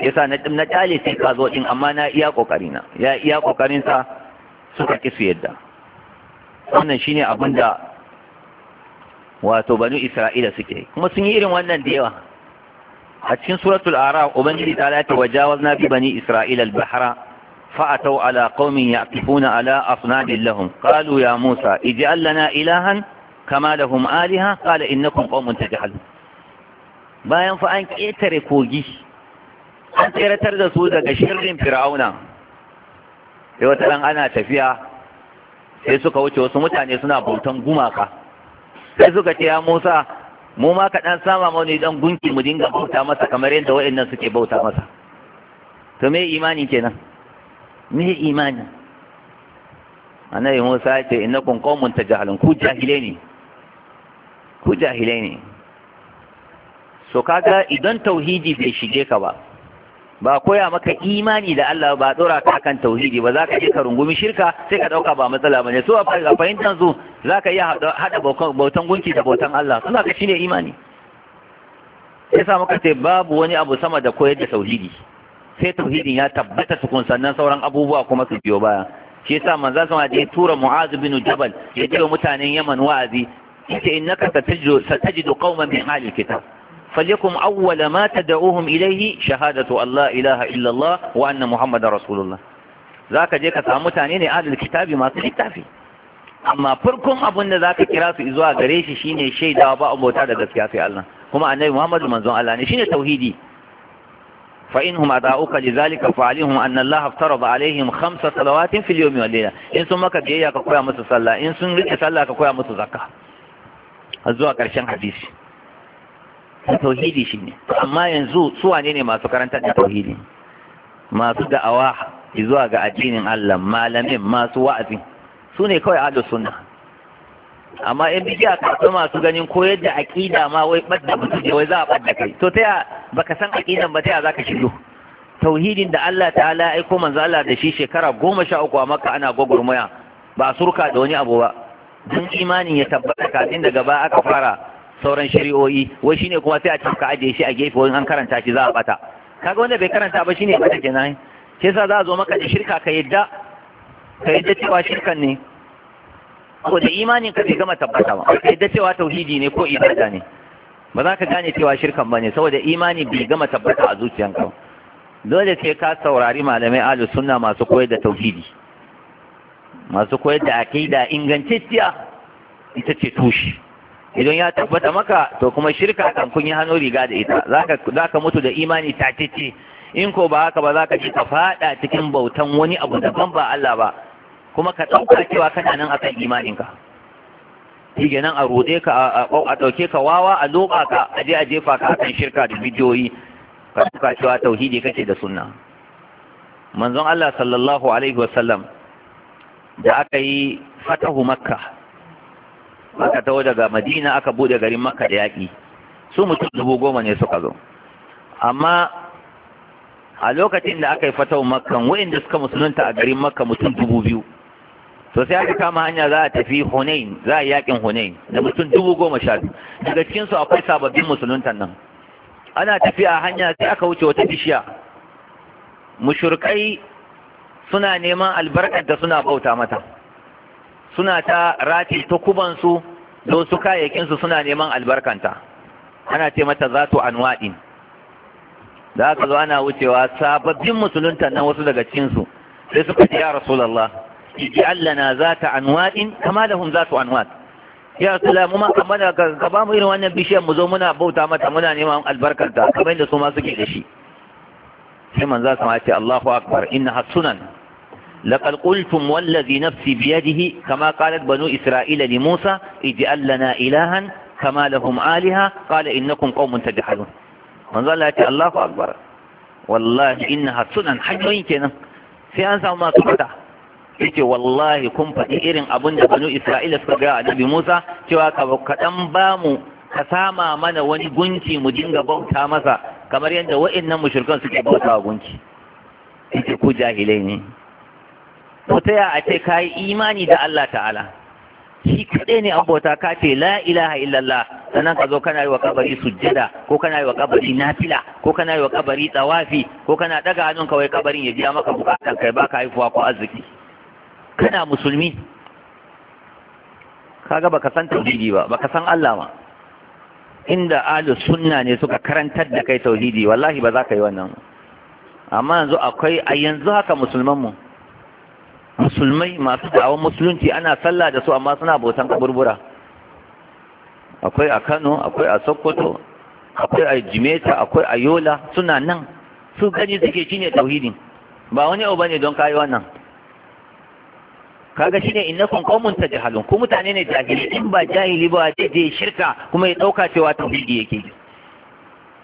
yasa na na kyale sai ka zo din amma na iya na ya iya kokarin sa suka ki su yadda wannan shine abin wato banu isra'ila suke kuma sun yi irin wannan da yawa a cikin suratul araf ubangiji ta lati na bi bani isra'ila al-bahra فأتوا على قوم يعكفون على أصنام لهم قالوا يا موسى اجعل لنا إلها كما لهم آلهة قال إنكم قوم تجهلون bayan fa an ƙetare kogi an tseratar da su daga shirin fir'auna sai wata ana tafiya sai suka wuce wasu mutane suna bautan gumaka sai suka ce ya Musa mu ma ka dan sama ma ne dan gunki mu dinga bauta masa kamar yadda wayannan suke bauta masa to me imani kenan me imani annabi Musa ya ce innakum qaumun tajhalun ku jahile ne ku jahilai ne so kaga idan tauhidi bai shige ka ba ba koya maka imani da Allah ba dora ka kan tauhidi ba za ka je ka rungumi shirka sai ka dauka ba matsala ba ne so a fahimtar su za ka iya hada bautan gunki da bautan Allah suna ka shine imani sai sa maka ce babu wani abu sama da koyar da tauhidi sai Tauhidi ya tabbata kun sannan sauran abubuwa kuma su biyo baya shi yasa manzo sama da ya tura Mu'az bin Jabal ya je mutanen Yaman wa'azi ita innaka satajidu qauman min ahli kitab فليكن أول ما تدعوهم إليه شهادة الله إله إلا الله وأن محمد رسول الله ذاك جيك سامتانين أهل الكتاب ما تلتافي amma farkon abin da zaka kira su izuwa gare shi shine shaidawa ba abota da gaskiya sai Allah kuma annabi Muhammadu manzon Allah ne shine tauhidi fa inhum ada'uka lidhalika fa alihim anna Allah aftarada alaihim khamsa salawatin fil yawmi in sun maka biyayya ka koya musu sallah in sun rike sallah ka koya musu zakka har zuwa karshen hadisi da tauhidi shi ne amma yanzu su wane ne masu karantar da tauhidi masu da'awa zuwa ga addinin Allah malamin masu wa'azi su ne kawai ahlus sunna amma in biki a so masu ganin koyar da aqida ma wai badda mutum wai za a badda kai to ta baka san aqidan ba ta za ka shigo tauhidin da Allah ta'ala ya aiko manzo Allah da shi shekara goma sha uku a Makka ana gwagwarmaya ba surka da wani abu ba dan imanin ya tabbata kafin daga ba aka fara sauran shari'o'i wai shine kuma sai a ce ka ajiye shi a gefe wani an karanta shi za a bata kaga wanda bai karanta ba shine bata kenan shi yasa za a zo maka da shirka ka yadda ka yadda cewa shirkan ne ko da imanin ka bai gama tabbata ba ka yadda cewa tauhidi ne ko ibada ne ba za ka gane cewa shirkan ba ne saboda imani bai gama tabbata a zuciyanka ba dole sai ka saurari malamai ahlus sunna masu koyar da tauhidi masu koyar da aqida ingantacciya ita ce tushe idan ya tabbata maka to kuma shirka kan kun yi hannu riga da ita za ka mutu da imani ta tatacce in ko ba haka ba za ka ci ka fada cikin bautan wani abu daban ba Allah ba kuma ka ɗauka cewa kana nan akan imaninka shi nan a ruɗe ka a ɗauke ka wawa a loɓa ka a je a jefa ka akan shirka da bidiyoyi ka ɗauka cewa tauhidi kake da sunna manzon Allah sallallahu alaihi wasallam da aka yi fatahu makka aka taho daga madina aka bude garin makka da yaƙi su mutum dubu goma ne suka zo amma a lokacin da aka yi fatawar makkan wa'inda suka musulunta a garin makka mutum dubu biyu to sai aka kama hanya za a tafi hunain za a yakin hunain da mutum dubu goma sha biyu daga cikinsu akwai sababbin musuluntan nan ana tafiya hanya sai aka wuce wata bishiya mushurkai suna neman albarkar da suna bauta mata suna ta rati ta kubansu don su kayayyakinsu suna neman albarkanta ana ce mata za tu anwa'in da aka zo ana wucewa sababbin musulunta nan wasu daga cikinsu sai suka ce ya rasulallah Allah na za ta anwa'in kama da lahum za tu anwa' ya su mu ma kamar ka ba mu irin wannan bishiyar mu zo muna bauta mata muna neman albarkanta kamar yadda su ma suke da shi sai manzo sama ya ce Allahu akbar inna hasunan لقد قلتم والذي نفسي بيده كما قالت بنو إسرائيل لموسى اجعل لنا إلها كما لهم آلهة قال إنكم قوم تجحدون من ظل الله أكبر والله إنها سنن حجوين كنا في أنسى ما تفتح yake wallahi kun faɗi irin abin da banu isra'ila suka ga annabi musa cewa ka kaɗan ba mu ka sama mana wani gunki mu dinga bauta masa kamar yadda wa'annan mushrikan suke bauta wa gunki yake ku jahilai ne ko ta yi a ce ka yi imani da Allah ta'ala shi kaɗai ne bauta ka ce la ilaha illallah sannan ka zo kana yi wa kabari sujjada ko kana yi wa kabari nafila ko kana yi wa kabari tsawafi ko kana daga hannun kawai kabarin ya biya maka bukatan kai baka haifuwa ko arziki kana musulmi kaga baka san tauhidi ba baka san Allah ma inda ahlus sunna ne suka karantar da kai tauhidi wallahi ba za ka yi wannan amma yanzu akwai a yanzu haka musulman mu musulmai masu da'awar musulunci ana sallah da su amma suna bautan kaburbura akwai a kano akwai a sokoto akwai a jimeta akwai a yola suna nan su gani suke shine tauhidin ba wani abu bane don kayi wannan kaga shine innakum qaumun tajhalun ku mutane ne jahili in ba jahili ba zai je shirka kuma ya dauka cewa tauhidi yake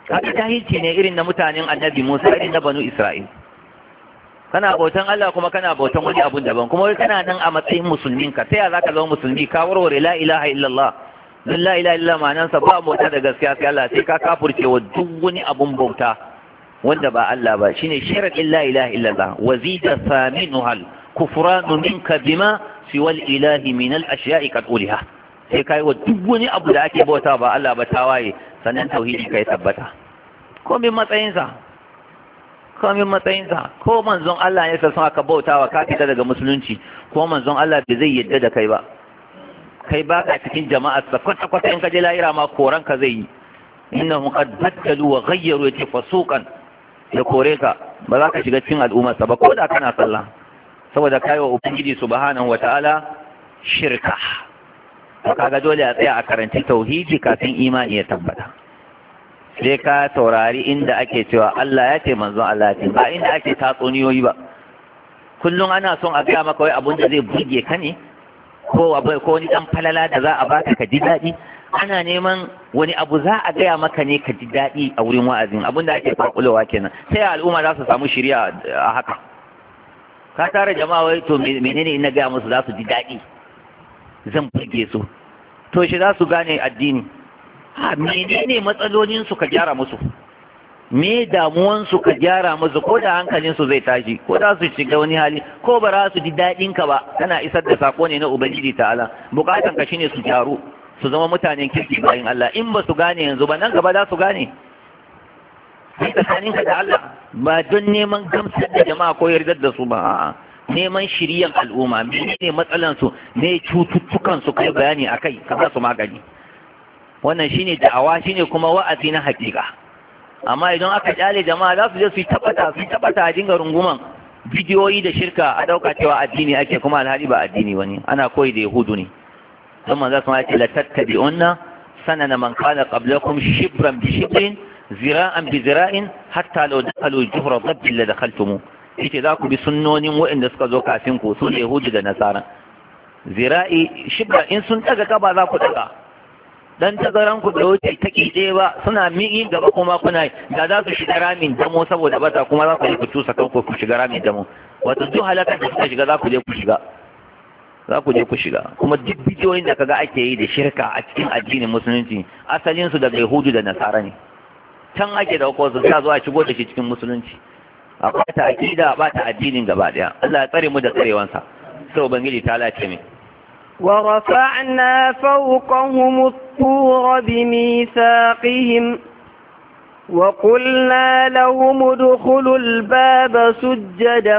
kaga jahilci ne irin na mutanen annabi Musa irin na banu Isra'il kana bautan Allah kuma kana bautan wani abun daban kuma kana nan a matsayin musulmin ka sai za ka zama musulmi ka warware la ilaha illallah dan la ilaha illallah ma'anar sa ba bauta da gaskiya sai Allah sai ka kafurce wa duk wani abun bauta wanda ba Allah ba shine sharadin la ilaha illallah wa zida hal kufranu minka bima siwa ilahi min al ashya'i qad uliha sai kai wa duk wani abu da ake bauta ba Allah ba tawaye sannan tauhidi kai tabbata matsayin matsayinsa komin matsayinsa ko manzon Allah ya sa aka bautawa ka fita daga musulunci ko manzon Allah bai zai yadda da kai ba kai ba ka cikin jama'a sa kwata kwata in ka je lahira ma koran ka zai yi innahum qad battalu wa ghayyaru yati fasuqan ya kore ka ba za ka shiga cikin al'ummar sa ba ko da kana sallah saboda kai wa ubangiji subhanahu ta'ala shirka kaga dole a tsaya a karanci tauhidi kafin imani ya tabbata sai ka taurari inda ake cewa Allah ya ce manzo Allah ce ba inda ake tatsuniyoyi ba kullum ana son a gaya maka wai abun da zai burge ka ne ko abai ko wani dan falala da za a baka ka ji daɗi ana neman wani abu za a gaya maka ne ka ji daɗi a wurin wa'azin abun da ake kwakulowa kenan sai al'umma za su samu shirya a haka ka tara jama'a wai to menene in na gaya musu za su ji daɗi zan burge su to shi za su gane addini a menene matsalolin su ka gyara musu me damuwan su ka gyara musu ko da hankalin su zai tashi ko da su shiga wani hali ko ba za su ji daɗin ka ba kana isar da sako ne na ubangiji ta'ala bukatan ka shine su gyaru su zama mutanen kirki bayan Allah in ba su gane yanzu ba nan gaba za su gane sai ka da Allah ba don neman gamsar da jama'a ko yardar da su ba neman shiriyan al'umma menene matsalan su ne cututtukan su kai bayani akai ka ba su magani wannan shine da'awa shine kuma wa'azi na hakika amma idan aka kyale jama'a za su je su tabbata su tabata a dinga runguman bidiyoyi da shirka a dauka cewa addini ake kuma alhali ba addini wani ana koyi da yahudu ne don manzo kuma yace la tattabi'unna sanana man kana qablakum shibran bi shibrin zira'an bi zira'in hatta law dakhalu juhra dabbil la dakhaltum yace za ku bi sunnonin waɗanda suka zo kafin ku su yahudu da nasara zira'i shibra in sun daga kaba za ku daga dan tazaran ku da wuce ta kije ba suna miƙi gaba kuma kuna da za su shiga ramin damo saboda bata kuma za ku je ku tusa kanku ku shiga ramin damo wato duk halaka da kuka shiga za ku je ku shiga za ku je ku shiga kuma duk bidiyoyin da kaga ake yi da shirka a cikin addinin musulunci asalin su daga yahudu da nasara ne can ake da su ta zo a shigo da shi cikin musulunci a ta akida a bata addinin gaba daya Allah ya tsare mu da tsarewansa sai ubangiji ta lace mu ورفعنا فوقهم الطور بميثاقهم وقلنا لهم ادخلوا الباب سجدا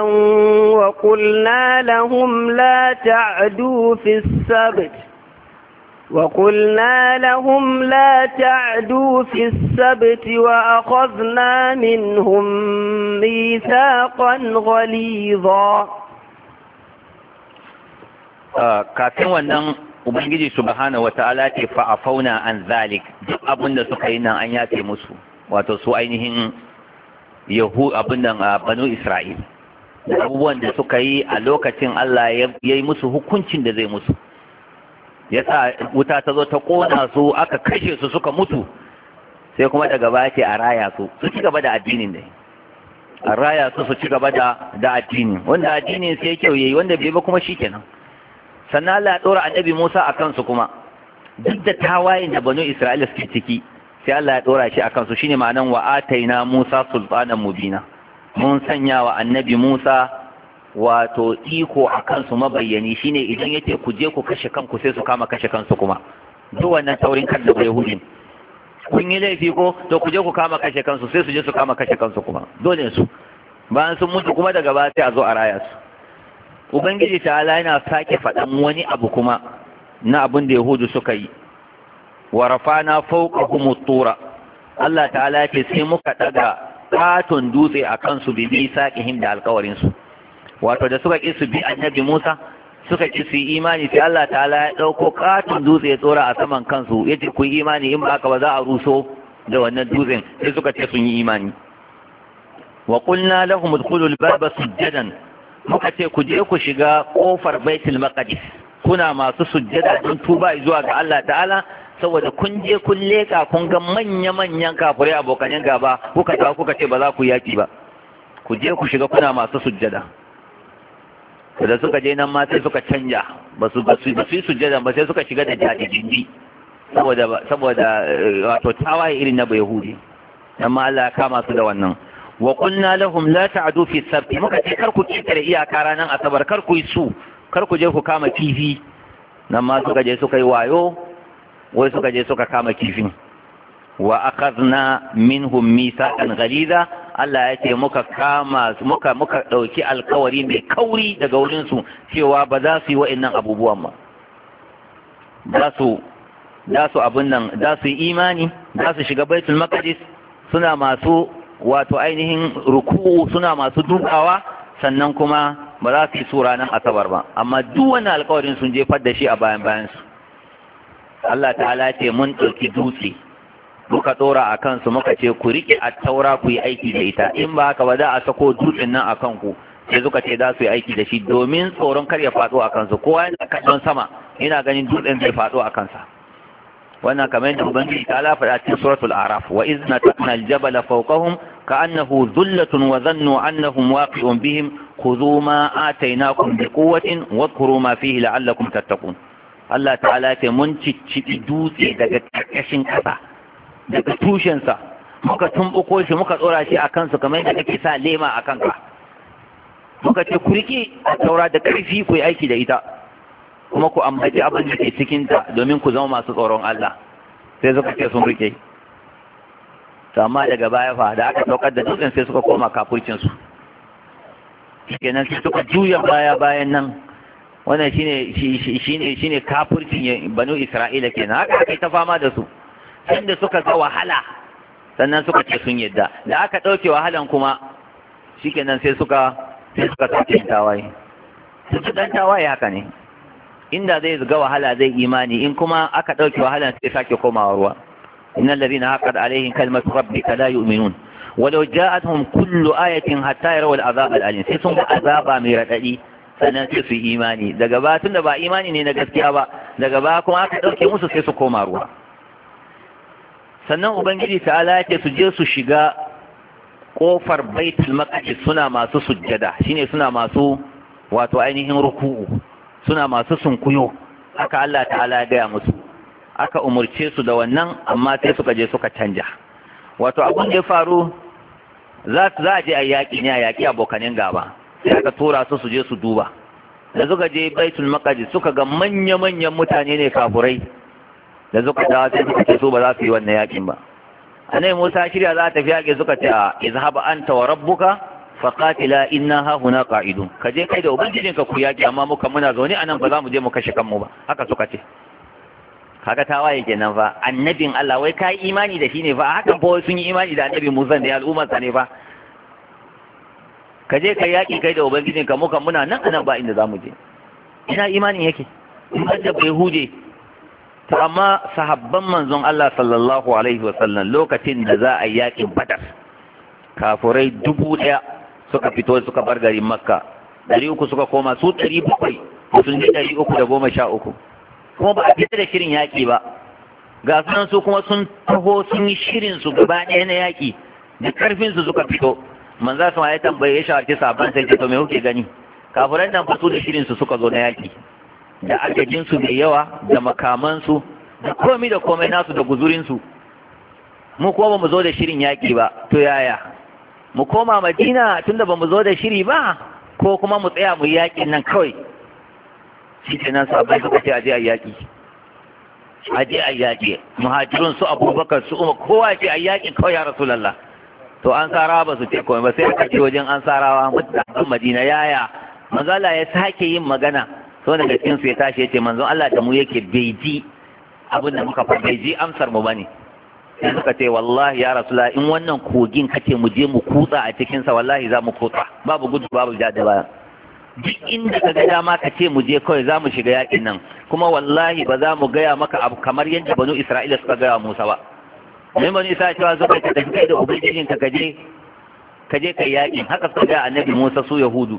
وقلنا لهم لا تعدوا في السبت وقلنا لهم لا تعدوا في السبت وأخذنا منهم ميثاقا غليظا Uh, kafin wannan ubangiji subhanahu wata'ala ce fa afauna an zalik duk abin da suka yi nan an yafe musu wato su ainihin yahu abin nan a uh, banu isra'il abubuwan da suka yi a lokacin Allah ya yi musu hukuncin da zai musu ya sa wuta ta zo ta kona su aka kashe su suka mutu sai kuma daga baya ce a raya su su ci gaba da addinin da a raya su su ci gaba da addinin, wanda addinin sai kyau yayi wanda bai ba kuma shi shikenan sannan Allah ya ɗora annabi Musa a kansu kuma duk da tawayen da banu Isra'ila suke ciki sai Allah ya ɗora shi a kansu shine ma'anan wa ataina Musa sultanan mubina mun sanya wa annabi Musa wato iko a kansu mabayyani shine idan yace ku je ku kashe kanku sai su kama kashe kansu kuma duk wannan taurin kan da Yahudi kun yi laifi ko to ku je ku kama kashe kansu sai su je su kama kashe kansu kuma dole su bayan sun mutu kuma daga baya sai a zo a raya su ubangiji ta'ala yana sake faɗan wani abu kuma na abin da yahudu suka yi wa rafana fawqahum tura Allah ta'ala ce sai muka daga katon dutse a kansu bi bi saqihim da alƙawarin su wato da suka ƙi su bi annabi Musa suka ki su imani sai Allah ta'ala ya dauko katon dutse ya tsora a saman kansu yace ku imani in ba ka ba za a ruso da wannan dutsen sai suka ce sun yi imani wa qulna lahum udkhulul baba sujadan muka ce ku je ku shiga kofar baitul maqdis kuna masu sujjada don tuba zuwa ga Allah ta'ala saboda kun je kun leka kun ga manya manyan kafirai abokanin gaba kuka ta kuka ce ba za ku yaki ba ku je ku shiga kuna masu sujjada da suka je nan ma sai suka canja ba su ba su sujjada ba sai suka shiga da jajijindi saboda saboda eh, wato tawaye irin na bai hudi amma Allah ya kama su da wannan wa kunna lahum la ta'du fi sabt muka ce kar ku kitare iyaka ranan asabar kar ku yi su kar ku je ku kama kifi nan ma suka je suka yi wayo wai suka je suka kama kifin wa akhadna minhum mithaqan ghaliza Allah ya ce muka kama muka muka dauki alkawari mai kauri daga wurin su cewa ba za su yi wa'annan abubuwan ba za su za su abin nan za su yi imani za su shiga baitul maqdis suna masu wato ainihin ruku'u suna masu dukawa sannan kuma ba za su yi ranar asabar ba amma duk wani alkawarin sun jefar da shi a bayan bayan su Allah ta'ala ce mun ɗauki dutse muka ɗora a kansu muka ce ku riƙe a taura ku yi aiki da ita in ba haka ba za a sako dutsen nan a kanku sai suka ce za su yi aiki da shi domin tsoron kar ya faɗo a kansu kowa yana kallon sama yana ganin dutsen zai faɗo a kansa wannan kamar yadda ubangiji ta ala faɗa cikin suratul araf wa izna taqna aljabala fawqahum ka'annahu dhullatun wa dhannu annahum waqi'un bihim khudhu ma atainakum biquwwatin wadhkuru ma fihi la'allakum tattaqun Allah ta'ala ce mun ciccibi dutse daga karkashin kasa daga tushensa muka tumbuko shi muka tsora shi akan su kamar yadda kake sa lema akan ka muka ce kurki a taura da karfi ku yi aiki da ita kuma ku ambaci abin da ke cikinta domin ku zama masu tsoron Allah sai suka ce sun rike to amma daga baya fa da aka saukar da dutsen sai suka koma kafurcinsu kenan sai suka juya baya bayan nan wannan shine shine shine kafurcin banu Isra'ila kenan haka aka ta fama da su inda suka ga wahala sannan suka ce sun yadda da aka ɗauke wahalan kuma shikenan sai suka sai suka tawaye su ɗan tawaye haka ne inda zai ga wahala zai imani in kuma aka ɗauke wahala sai sake komawa ruwa إن الذين عقد عليهم كلمة ربك لا يؤمنون ولو جاءتهم كل آية حتى sai sun الأليم سيسون mai مرتدي sannan su imani daga ba tun da ba imani ne na gaskiya ba daga ba kuma aka dauke musu sai su koma ruwa sannan ubangiji ta ya ce su je su shiga ƙofar baitul maqdis suna masu sujjada shine suna masu wato ainihin ruku'u suna masu sunkuyo aka Allah ta'ala ya gaya musu aka umurce su da wannan amma sai suka je suka canja wato abin da ya faru za a je a yaƙi ne a yaƙi abokanin gaba sai aka tura su su je su duba da suka je baitul maqdis suka ga manya-manyan mutane ne kafurai da suka dawo sai suka ce su ba za su yi wannan yaƙin ba anai Musa shirya za ta fi yaƙi suka ce a izhab anta wa rabbuka faqatila inna ha huna qa'idun ka je kai da ubangijin ka ku yaƙi. amma muka muna zaune anan ba za mu je mu kashe kanmu ba haka suka ce ta waye kenan fa annabin Allah wai kai imani da shi ne fa hakan ba sun yi imani da annabi Musa ne al'ummar sa ne fa ka je kai yaki kai da ubangijin ka muka muna nan anan ba inda za mu je ina imanin yake har da bai huje to amma sahabban manzon Allah sallallahu alaihi wasallam lokacin da za a yi yaƙin Badar kafurai dubu ɗaya suka fito suka bar garin makka ɗari uku suka koma su ɗari bakwai sun je ɗari uku da goma sha uku kuma ba a fita da shirin yaƙi ba ga sunan su kuma sun taho sun yi shirin su gaba ɗaya na yaƙi da ƙarfin su suka fito manza su ma ya tambaye ya shawarci sabon sai to me kuke gani kafiran nan fasu da shirin su suka zo na yaƙi da agajin su mai yawa da makamansu da komai da komai nasu da guzurin su mu kuma ba mu zo da shirin yaƙi ba to yaya mu koma madina tunda ba mu zo da shiri ba ko kuma mu tsaya mu yaƙin nan kawai shi ke nan sabai suka ce aje a yaƙi aje a yaƙi muhajirun su abubakar su umar kowa ce a yaƙi kawai ya rasulallah to an sarawa ba su ce kawai ba sai aka ce wajen an sarawa mutanen madina yaya Allah ya sake yin magana to daga cikin su ya tashi ya ce manzon Allah da mu yake bai ji abin da muka fa bai ji amsar mu bane sai suka ce wallahi ya rasula in wannan kogin kake mu je mu kutsa a cikinsa wallahi za mu kutsa babu gudu babu ja da baya duk inda ka ga dama ka ce mu je kawai za mu shiga yakin nan kuma wallahi ba za mu gaya maka abu kamar yadda banu isra'ila suka gaya musa ba mai banu isa cewa zo kai ka tafi kai da ubangijin ka kaje kaje kai yakin haka suka gaya annabi musa su yahudu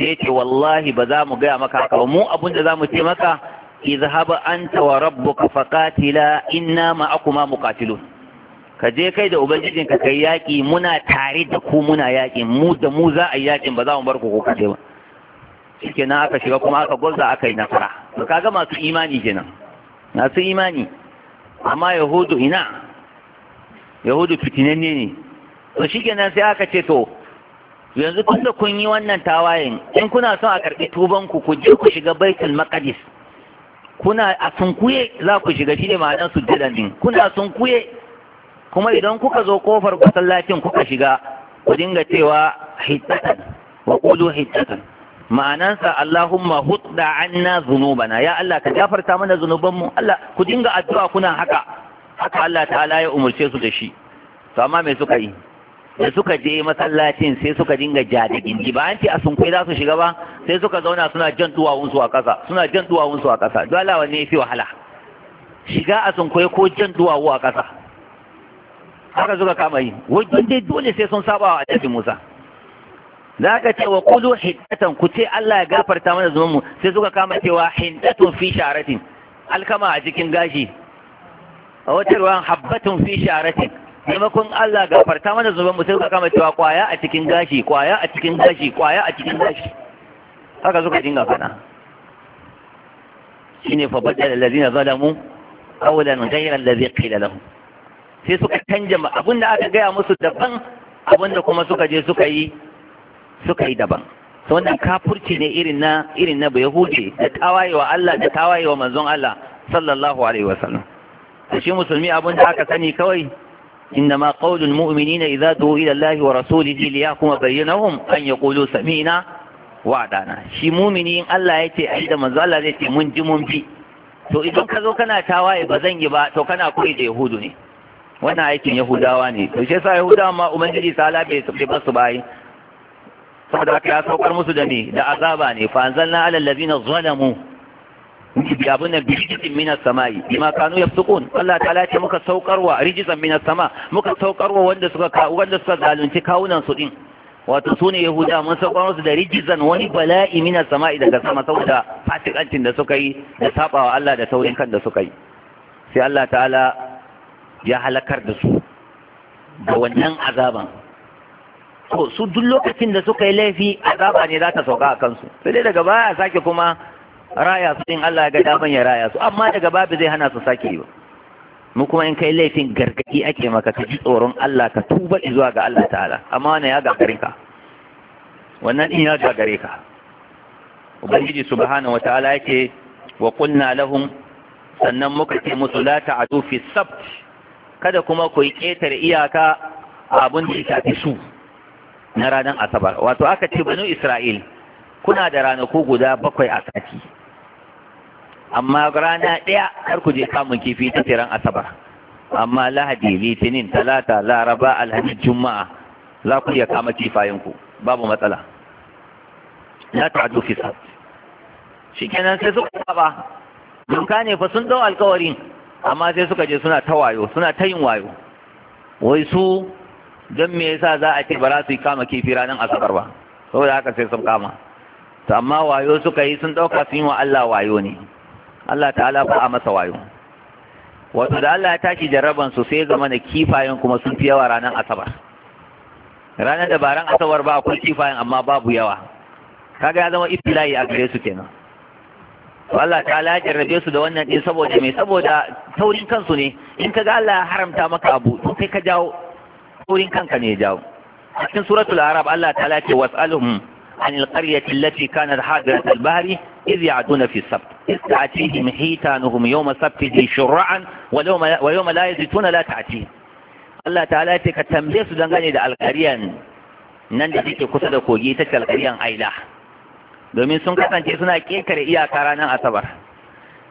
sai ce wallahi ba za mu gaya maka haka ba mu abun da za mu ce maka izhaba anta wa rabbuka faqatila inna ma'akuma muqatilun ka je kai da ubangijin ka kai yaƙi muna tare da ku muna yaƙi mu da mu za a yi yaƙin ba za mu bar ku ko kaɗai ba shikenan aka shiga kuma aka gwarza aka yi nasara to kaga masu imani kenan masu imani amma yahudu ina yahudu fitinanne ne to shikenan sai aka ce to yanzu da kun yi wannan tawayen in kuna son a karɓi tubanku ku je ku shiga baitul maqdis kuna a sunkuye za ku shiga shi ne ma'anar sujjadan din kuna sunkuye kuma idan kuka zo kofar masallacin kuka shiga ku dinga cewa hittatan wa qulu hittatan ma'anansa Allahumma hudda anna dhunubana ya Allah ka gafarta mana zunubanmu Allah ku dinga addu'a kuna haka haka Allah ta'ala ya umurce su da shi to amma me suka yi da suka je masallacin sai suka dinga jadi gindi ba an ce a sunkai za su shiga ba sai suka zauna suna jan duwawun su a ƙasa suna jan duwawun su a ƙasa dole wanne fi wahala shiga a sunkai ko jan duwawu a ƙasa haka suka kama yi wajen dai dole sai sun saba wa annabi Musa za ka ce wa kulu hiddatan ku ce Allah ya gafarta mana zuwan mu sai suka kama cewa hiddatun fi sharatin alkama a cikin gashi a wata ruwan habbatun fi sharatin maimakon Allah gafarta mana zuwan mu sai suka kama cewa kwaya a cikin gashi kwaya a cikin gashi kwaya a cikin gashi haka suka dinga fada shine fa badala allazina zalamu qawlan ghayra allazi qila lahum sai suka canja abin da aka gaya musu daban abin da kuma suka je suka yi suka yi daban sau wannan kafurci ne irin na irin na yahudi da tawayewa Allah da tawayewa manzon Allah sallallahu alaihi wasallam shi musulmi abin da aka sani kawai إنما قول المؤمنين إذا دعوا إلى الله ورسوله ليحكم بينهم أن يقولوا سمعنا وعدنا شي مؤمنين الله يتي أي da manzo Allah zai ce mun ji mun fi, to idan ka zo kana tawaye ba zan yi ba to kana koyi da yahudu ne wannan aikin yahudawa ne to shi yasa yahudawa ma ubangiji ta ala bai bai basu bai saboda haka ya saukar musu da ne da azaba ne fa anzalna ala allazina zalamu bi abuna bi rijzin min as-sama'i bima kanu yafsukun Allah ta'ala ce muka saukarwa rijzan min as-sama muka saukarwa wanda suka wanda suka zalunci kawunan su din wato sune Yahudawa mun saukar musu da rijizan wani bala'i mina sama'i daga sama saboda fasikancin da suka yi da sabawa Allah da taurin kan da suka yi sai Allah ta'ala ya halakar da su da wannan azaban to su duk lokacin da suka yi laifi azaba ne za ta sauka a kansu sai dai daga baya sake kuma raya su in Allah ga daman ya raya su amma daga babu zai hana su sake yi ba mu kuma in kai laifin gargadi ake maka ka ji tsoron Allah ka tuba zuwa ga Allah ta'ala amma wannan ya gagarin ka wannan din ya gagare ka ubangiji subhanahu wataala yake wa qulna lahum sannan muka ce musu la ta'adu fi sabt kada kuma ku ƙetare iyaka abin da shafi su na ranar asabar wato aka ce banu isra'il kuna da ranaku guda bakwai a sati amma rana ɗaya kar ku je kamun kifi ta tiran asabar amma lahadi litinin talata laraba alhamis juma'a za ku iya kama kifayenku babu matsala ta ta'addu fi shi kenan sai suka ba doka ne fa sun dau alkawarin amma sai suka je suna ta wayo suna ta yin wayo wai su don me yasa za a ce ba za su yi kama kifi ranar asabar ba saboda haka sai sun kama to amma wayo suka yi sun ɗauka sun yi wa Allah wayo ne Allah ta'ala ba a masa wayo wato da Allah ya tashi jarraban su sai zama da kifayen kuma sun fi yawa ranar asabar ranar da baran asabar ba akwai kifayen amma babu yawa kaga ya zama ibtila'i a gare su kenan to Allah ta ya jarrabe su da wannan din saboda mai saboda taurin kansu ne in ka ga Allah ya haramta maka abu to kai ka jawo taurin kanka ne ya jawo a cikin suratul arab Allah ta ya ce was'aluhum anil qaryati allati kanat hadirat al-bahri إذ يعدون في السبت إذ تأتيهم حيتانهم يوم سبته شرعا ويوم, ويوم لا يزيتون لا تأتيهم Allah ta'ala ce ka tambaye su dangane da alkariyan nan da take kusa da kogi ta ce alkariyan aila domin sun kasance suna ƙetare iyaka ranar asabar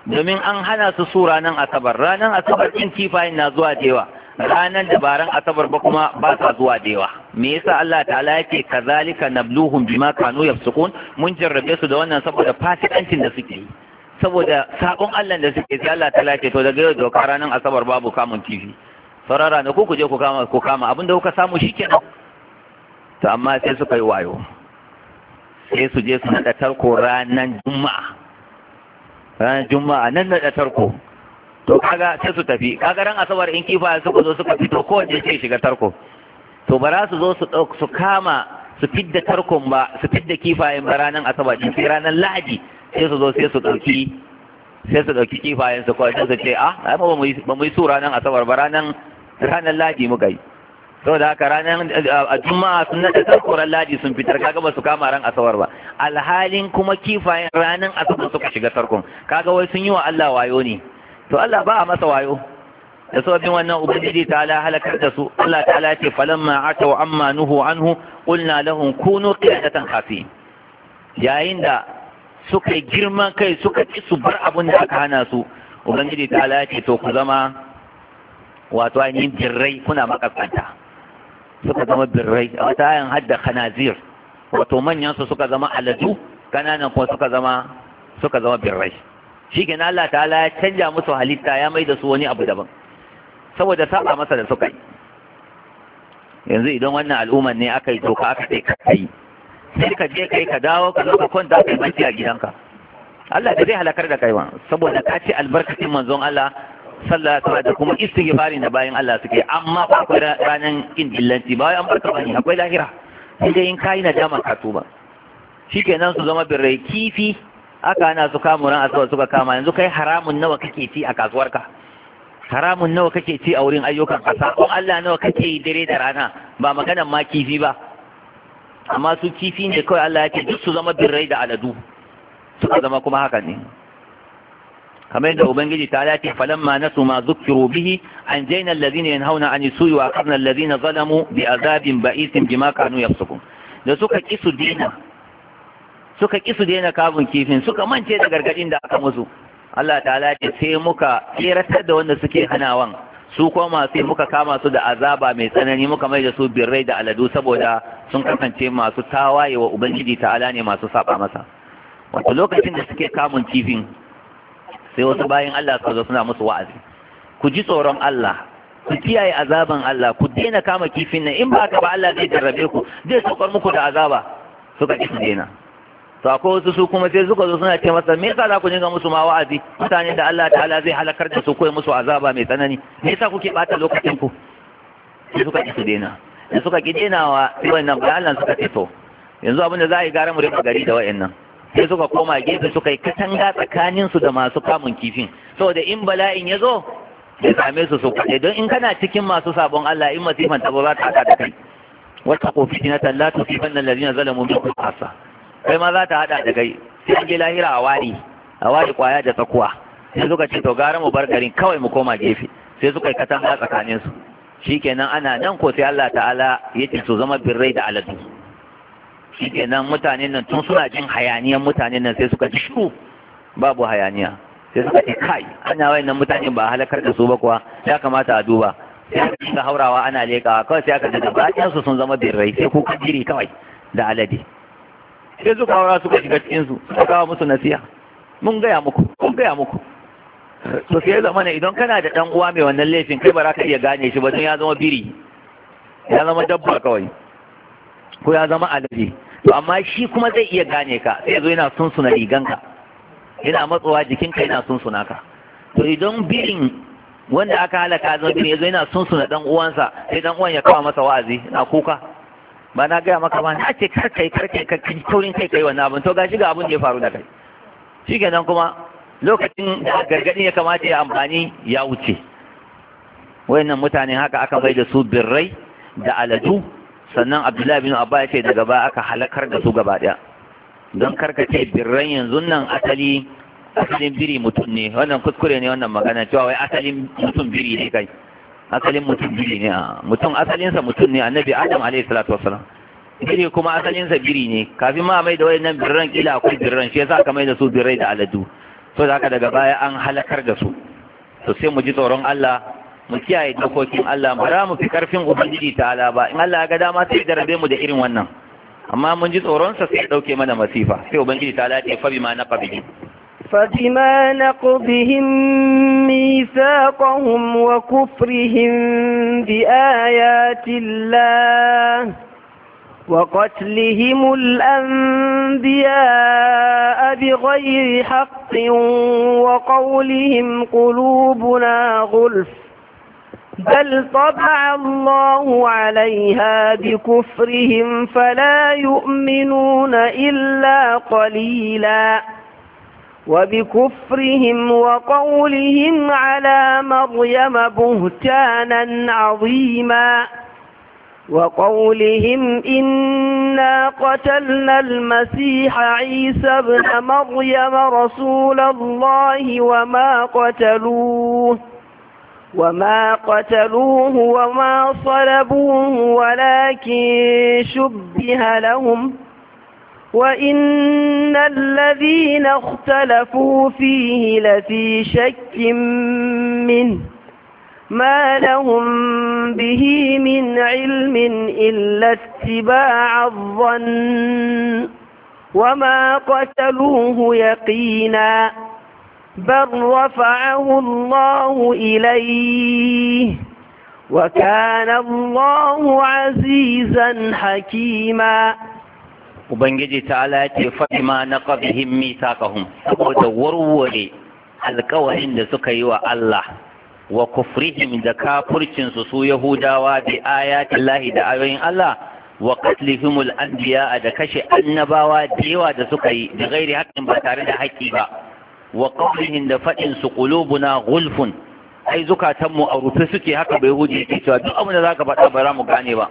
domin an hana su su ranar asabar ranar asabar ɗin kifayen na zuwa da yawa ranar dabaran asabar ba kuma ba sa zuwa da yawa me yasa Allah ta'ala yake kazalika nabluhum bima kanu yafsukun mun jarrabe su da wannan saboda fasikancin da suke yi saboda sabon Allah da suke sai Allah ta'ala yake to daga yau doka ranar asabar babu kamun kifi saurara ku ku je ku kama abinda kuka samu shikenan to amma sai suka yi wayo sai su je su naɗa tarko ranar juma'a ranar juma'a nan naɗa tarko to kaga sai su tafi kaga ran asabar in kifaya suka zo suka fito kowanne sai shiga tarko to ba za su zo su su kama su fidda tarkon ba su fidda kifayen ba ranar asabar din sai ranar lahadi sai su zo sai su ɗauki sai su ɗauki kifayen su kawai sai su ce ah ba mu yi su ranar asabar ba ranar ranar lahadi muka yi saboda haka ranar juma'a sun nada tarkoran ladi sun fitar kaga ba su kama ran asabar ba alhalin kuma kifayen ranar asabar suka shiga tarkon kaga wai sun yi wa Allah wayo ne to Allah ba a masa wayo da sabbin wannan ubangiji ta ala halakar da su Allah ta ala ce falamma atau amma nuhu anhu qulna lahum kunu qiyadatan khafi yayin da suka girman kai suka ci su bar abun da aka hana su ubangiji ta ala ce to ku zama wato ainihin jirrai kuna makaskanta suka zama birrai a wata ayan hadda khanazir wato manyan su suka zama aladu kananan kuma suka zama suka zama birrai na Allah ta'ala ya canja musu halitta ya mai da su wani abu daban saboda saba masa da suka yi yanzu idan wannan al'umman ne aka yi toka aka aka ka kai sai ka je kai ka dawo ka zo ka kwanta kai bacci a gidanka Allah da zai halakar da kai saboda ka ce albarkacin manzon Allah sallah ta da kuma istighfari da bayan Allah suke amma ba akwai ranan kin dillanci ba an barka bani akwai lahira sai dai in kai dama ka tuba shikenan su zama birrai kifi aka ana su kama ran asuwa suka kama yanzu kai haramun nawa kake ci a kasuwarka haramun nawa kake ci a wurin ayyukan kasa sakon Allah nawa kake yi dare da rana ba maganan ma kifi ba amma su kifi ne kawai Allah yake duk su zama birrai da aladu suka zama kuma haka ne kamar yadda ubangiji ta lati ma nasu ma zukiru bihi an jaina allazina hauna, an su'i wa aqarna allazina zalamu bi azabin ba'isin bima kanu yafsukun da suka ki su dina suka ki su daina kamun kifin suka mance da gargadin da aka musu Allah ta'ala ce sai muka tseratar da wanda suke hanawan su koma sai muka kama su da azaba mai tsanani muka mai da su birrai da aladu saboda sun kasance masu tawaye wa ubangiji ta'ala ne masu saba masa wato lokacin da suke kamun kifin sai wasu bayan Allah su zo suna musu wa'azi ku ji tsoron Allah ku kiyaye azaban Allah ku daina kama kifin nan in ba ka ba Allah zai jarrabe ku zai saukar muku da azaba suka ki su daina to akwai wasu su kuma sai suka zo suna ce masa me yasa za ku dinga musu ma wa'azi mutane da Allah ta'ala zai halakar da su ko musu azaba mai tsanani me yasa kuke bata lokacin ku sai suka ki su daina da suka ki dainawa sai wannan bayan Allah suka ce to yanzu abin da za a yi gara mu rika gari da wayannan sai suka koma gefe suka yi katanga tsakaninsu da masu kamun kifin saboda in bala'in ya zo ya same su su kwaɗe don in kana cikin masu sabon Allah in masifan ta ba ta haɗa da kai wata kofi na tallatu fi fannin lalina zalamu min kusa kai ma za ta haɗa da kai sai an je lahira a wari a wari kwaya da tsakuwa sai suka ce to gara mu bar garin kawai mu koma gefe sai suka yi katanga tsakaninsu shikenan ana nan ko sai Allah ta'ala ya ce su zama birrai da aladu shikenan mutanen nan tun suna jin hayaniyan mutanen nan sai suka ji shiru babu hayaniya sai suka ce kai ana wayannan mutane ba halakar da su ba kuwa ya kamata a duba sai aka shiga haurawa ana lekawa kawai sai aka ji gaba su sun zama birrai sai kuka jiri kawai da alade sai suka haura suka shiga cikin su suka kawo musu nasiha mun gaya muku mun gaya muku to sai zama ne idan kana da dan uwa mai wannan laifin kai ba za ka iya gane shi ba don ya zama biri ya zama dabba kawai ko ya zama alade to amma shi kuma zai iya gane ka sai zo yana sunsuna riganka yana matsowa jikinka yana sunsuna ka to idan birin wanda aka halaka zama birin ya zo yana sunsuna dan uwansa sai dan uwan ya kawo masa wa'azi na kuka ba na gaya maka ba na ce kar karkai kar kai taurin kai kai wannan abin to gashi ga abin da ya faru da kai shikenan kuma lokacin da gargadin ya kamata ya amfani ya wuce wayannan mutane haka aka bai da su birrai da aladu sannan abdullahi bin abba ya ce daga ba aka halakar da su gaba ɗaya don karkace birran yanzu nan asali asalin biri mutum ne wannan kuskure ne wannan magana cewa wai asalin mutum biri ne kai asalin mutum biri ne mutum asalinsa mutum ne annabi adam alaihi salatu wassalam biri kuma asalinsa biri ne kafin ma mai da wayannan birran kila akwai birran shi yasa aka mai da su birrai da aladu so da haka daga baya an halakar da su to sai mu ji tsoron Allah mu kiyaye dokokin Allah mu ra mu fi karfin ubangiji ta'ala ba in Allah ya ga dama sai ya jarabe mu da irin wannan amma mun ji tsoronsa sai ya dauke mana masifa sai ubangiji ta'ala ya ce fa bima naqabihim فبما نقضهم ميثاقهم وكفرهم بآيات الله وقتلهم الأنبياء بغير حق وقولهم قلوبنا غلف بل طبع الله عليها بكفرهم فلا يؤمنون إلا قليلا وبكفرهم وقولهم على مريم بهتانا عظيما وقولهم إنا قتلنا المسيح عيسى ابن مريم رسول الله وما قتلوه وما قتلوه وما صلبوه ولكن شبه لهم وإن الذين اختلفوا فيه لفي شك منه ما لهم به من علم إلا اتباع الظن وما قتلوه يقيناً بل رفعه الله إليه وكان الله عزيزا حكيما Ubangiji Ala ya ce ma na ƙafihin misaƙahun saboda warware alkawarin da suka yi wa Allah wa kufrihim da kafurcinsu su Yahudawa bi ayatillahi da ayoyin Allah wa qatlihimul anbiya da kashe annabawa da yawa da suka yi da gairi haƙƙin ba tare da haƙƙi ba wa qawlihim da fadin su na gulfun ai zukatan mu a rufe suke haka bai huje ke cewa duk abin da zaka faɗa ba za mu gane ba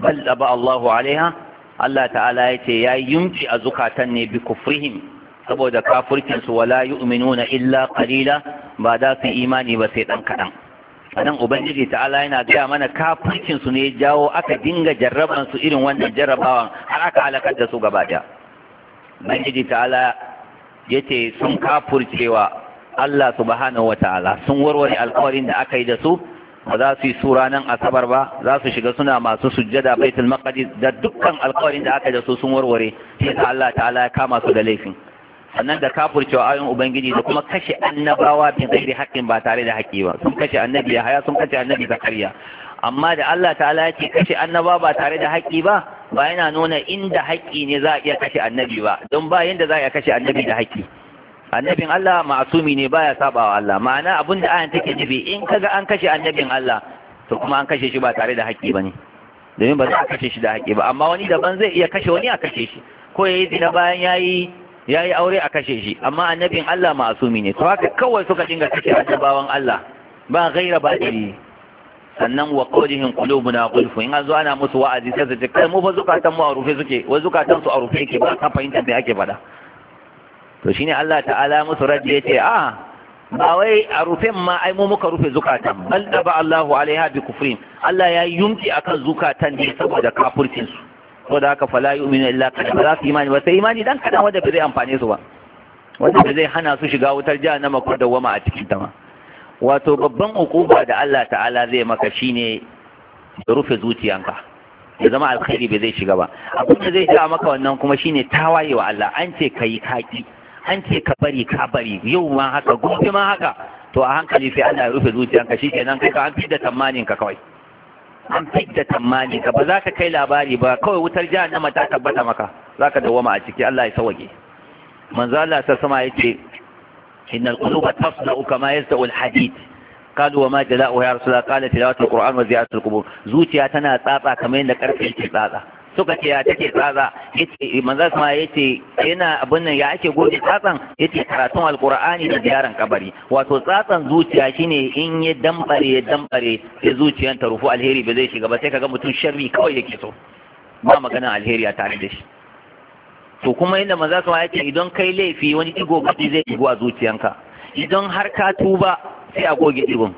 bal ba Allahu alaiha Allah ta'ala ya ce ya yumci a zukatan ne bi kufrihim saboda kafurkinsu su wala yu'minuna illa qalila ba za su imani ba sai dan kadan anan ubangiji ta'ala yana gaya mana kafircin su ne jawo aka dinga jarraban su irin wannan jarrabawan har aka halakar da su gaba daya ubangiji ta'ala yace sun kafurcewa Allah subhanahu wataala sun warware alƙawarin da aka yi da su ba za su yi sura nan asabar ba za su shiga suna masu sujjada baitul maqdis da dukkan alƙawarin da aka yi da su sun warware sai Allah ta'ala ya kama su da laifin sannan da kafurcewa ayoyin ubangiji da kuma kashe annabawa bin ghairi haƙƙin ba tare da haƙƙi ba sun kashe annabi haya sun kashe annabi zakariya amma da Allah ta'ala ya ce kashe annaba ba tare da haƙƙi ba ba yana nuna inda haƙƙi ne za a iya kashe annabi ba don ba yanda za a iya kashe annabi da haƙƙi annabin Allah ma'asumi ne baya wa Allah ma'ana abin da ayan take nufi in kaga an kashe annabin Allah to kuma an kashe shi ba tare da haƙƙi bane domin ba za a kashe shi da haƙƙi ba amma wani daban zai iya kashe wani a kashe shi ko yayi zina bayan yayi yayi aure a kashe shi amma annabin Allah ma'asumi ne to haka kawai suka dinga kashe annabawan Allah ba gaira ba dalili sannan wa qawlihim qulubuna qulfu in an zo ana musu wa'azi sai su ce kai mu fa zukatan mu a rufe suke wai zukatan su a rufe yake ba ka fahimta me ake faɗa to shine Allah ta'ala musu radi yace a ba wai a rufen ma ai mu muka rufe zukatan bal da ba Allahu alaiha bi kufrin Allah ya yumki akan zukatan ne saboda kafircin su saboda haka fala yu'minu illa qad ba su imani ba sai imani dan kada wanda bai amfane su ba wanda zai hana su shiga wutar jahannama ko dawwama a cikin ta ma wato babban ukuba da Allah ta'ala zai maka shine rufe zuciyanka ya zama alkhairi bai zai shiga ba abin da zai sa maka wannan kuma shine tawaye wa Allah an ce kai kaki an ce ka bari ka bari yau ma haka gobe ma haka to a hankali sai Allah ya rufe zuciyanka shikenan kai ka an fidda tamanin ka kawai an fidda tamanin ka ba za ka kai labari ba kawai wutar jahannama ta tabbata maka zaka dawwama a ciki Allah ya sawage manzo Allah ta sama yace إن القلوب تصدأ كما يصدأ الحديد قالوا وما جلاؤه يا رسول الله قال تلاوة القرآن وزيارة القبور زوجي أتنا تاتا كما إنك أرسلت تاتا suka ce ya take tsatsa yace manzo sama yace yana abin nan ya ake goge tsatsan yace karatun alqur'ani da ziyaran kabari wato tsatsan zuciya shine in ya dambare ya dambare sai zuciyar ta rufu alheri ba zai shiga ba sai kaga mutum sharri kawai yake so ba magana alheri a tare da shi to kuma inda maza su ya ce idan kai laifi wani digo baki zai digo a zuciyanka idan har ka tuba sai a goge digon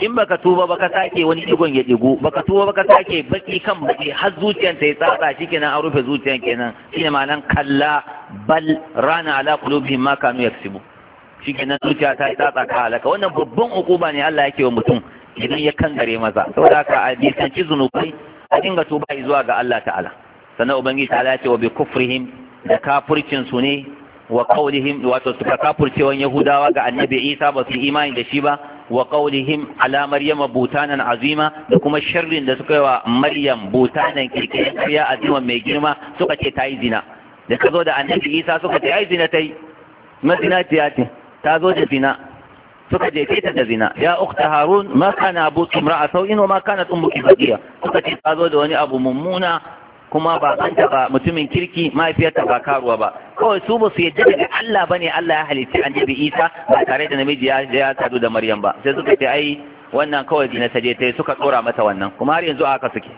in baka tuba baka sake wani digon ya digo baka tuba baka sake baki kan baki har zuciyan ta ya tsatsa shikenan an rufe zuciyan kenan shine malan kalla bal rana ala qulubihim ma kanu yaksubu shikenan zuciya ta tsatsa ka halaka wannan babban ukuba ne Allah yake wa mutum idan ya kangare maza saboda haka a bisanci zunubai a dinga tuba zuwa ga Allah ta'ala sannan ubangiji ta ya ce wa bi kufrihim da kafurcin su ne wa qawlihim wato suka kafircewan yahudawa ga annabi isa ba su imani da shi ba wa qawlihim ala maryam butanan azima da kuma sharrin da suka yi wa maryam butanan kirkiriya azima mai girma suka ce tayi zina da ka zo da annabi isa suka ce ai zina tai mazina ce ta zo da zina suka je ta da zina ya ukhta harun ma kana abuki imra'a sau'in wa ma kanat ummuki baqiya suka ce ta zo da wani abu mummuna kuma ba an ba mutumin kirki mahaifiyarta ba karuwa ba kawai su ba su yadda daga Allah bane Allah ya halitta annabi Isa ba tare da namiji ya ya sadu da Maryam ba sai suka ce ai wannan kawai gina ta je ta suka tsora mata wannan kuma har yanzu aka suke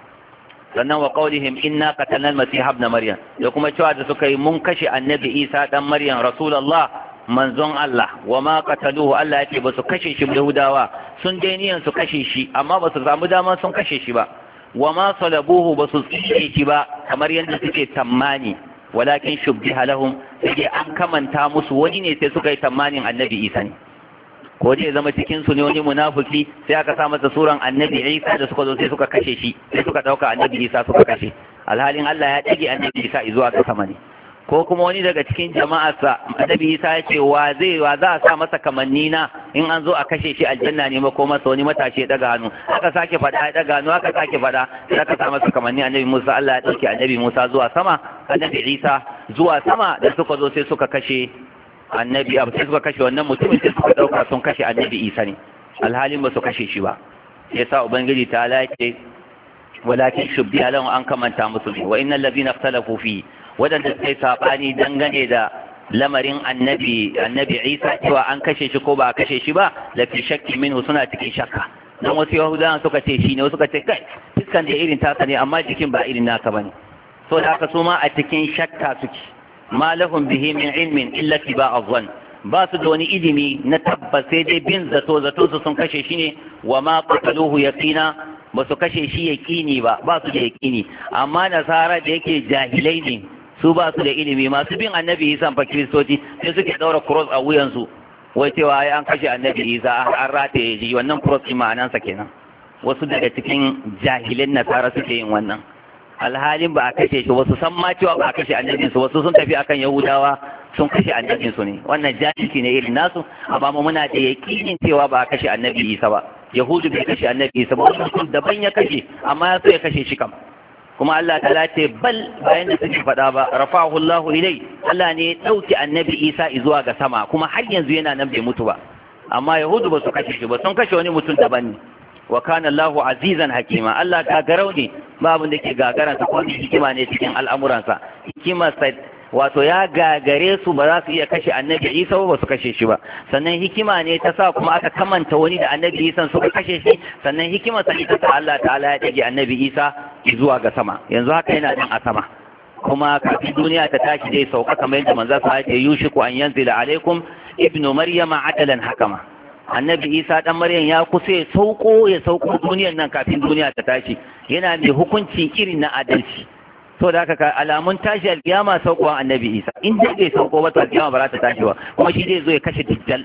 sannan wa qawlihim inna qatalna al-masih ibn maryam da kuma cewa da suka yi mun kashe annabi Isa dan Maryam rasulullah manzon Allah wa ma qataluhu Allah yake ba su kashe shi Yahudawa sun dai niyan su kashe shi amma ba su samu dama sun kashe shi ba wa ma salabuhu ba su tsine shi ba kamar yadda suke tammani walakin shubbiha lahum sai an kamanta musu wani ne sai suka yi tammanin annabi isa ne ko dai zama cikin su ne wani munafiki sai aka sa masa suran annabi isa da suka zo sai suka kashe shi sai suka dauka annabi isa suka kashe alhalin Allah ya dage annabi isa zuwa ga sama ne ko kuma wani daga cikin jama'arsa annabi Isa ya ce wa zai wa za a sa masa kamanni na in an zo a kashe shi aljanna ne ko masa wani matashi ya daga hannu aka sake fada ya daga hannu aka sake fada sai aka sa masa kamanni annabi Musa Allah ya dauke annabi Musa zuwa sama annabi Isa zuwa sama da suka zo sai suka kashe annabi abu sai suka kashe wannan mutumin sai suka dauka sun kashe annabi Isa ne alhalin ba su kashe shi ba sa ubangiji ta lace walakin shubbiya lahum an kamanta musu wa innal ladina ikhtalafu fi waɗanda suka yi saɓani dangane da lamarin annabi annabi Isa cewa an kashe shi ko ba a kashe shi ba la fi shakki minhu suna cikin shakka Don wasu yahudawa suka ce shi ne wasu suka ce kai fiskan da irin tasa ne amma jikin ba irin naka bane so da aka su ma a cikin shakka suke ma lahum bihi min ilmin illa tiba'a dhann ba su da wani ilimi na tabbas sai dai bin zato zato su sun kashe shi ne wa ma qataluhu yaqina ba su kashe shi yaƙini ba ba su da yaƙini amma nasara da yake jahilai ne su ba su da ilimi masu bin annabi isa fa kiristoci sai suke daura cross a wuyansu wai cewa ai an kashe annabi isa an rataye shi wannan cross din ma'anansa kenan wasu daga cikin jahilin nasara suke yin wannan alhalin ba a kashe shi wasu san ma cewa ba a kashe annabin su wasu sun tafi akan yahudawa sun kashe annabin su ne wannan jahilci ne irin nasu amma mu muna da yakinin cewa ba a kashe annabi isa ba yahudu bai kashe annabi isa ba wasu daban ya kashe amma ya so ya kashe shi kam kuma Allah ta lace bal bayan da suke faɗa ba rafahu Allah ilai Allah ne ya ɗauki annabi Isa zuwa ga sama kuma har yanzu yana nan bai mutu ba amma yahudu ba su kashe shi ba sun kashe wani mutum daban ne wa kana Allahu azizan hakima Allah gagarau ne babu da ke gagaransa ko hikima ne cikin al'amuransa Hikima sai. wato ya gagare su ba za su iya kashe annabi isa ba su kashe shi ba sannan hikima ne ta sa kuma aka kamanta wani da annabi isa suka kashe shi sannan hikima sa ita ta Allah ta'ala ya dage annabi isa zuwa ga sama yanzu haka yana nan a sama kuma kafin duniya ta tashi dai sauka kamar yadda manzo sa ya yushiku an yanzila alaikum ibnu maryama adalan hakama annabi isa dan maryam ya kusa ya sauko ya sauko duniyar nan kafin duniya ta tashi yana mai hukunci irin na adalci so da haka alamun tashi alkiyama saukowa annabi isa in dai bai sauko ba to alkiyama ba za ta tashi ba kuma shi zai zo ya kashe dujjal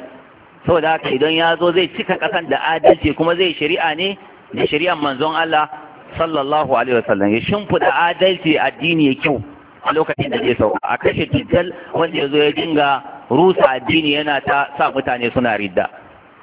so da haka idan ya zo zai cika kasan da adalci kuma zai shari'a ne da shari'ar manzon Allah sallallahu alaihi wasallam ya shimfida adalci addini ya kyau a lokacin da zai sauka a kashe dujjal wanda ya zo ya dinga rusa addini yana ta sa mutane suna ridda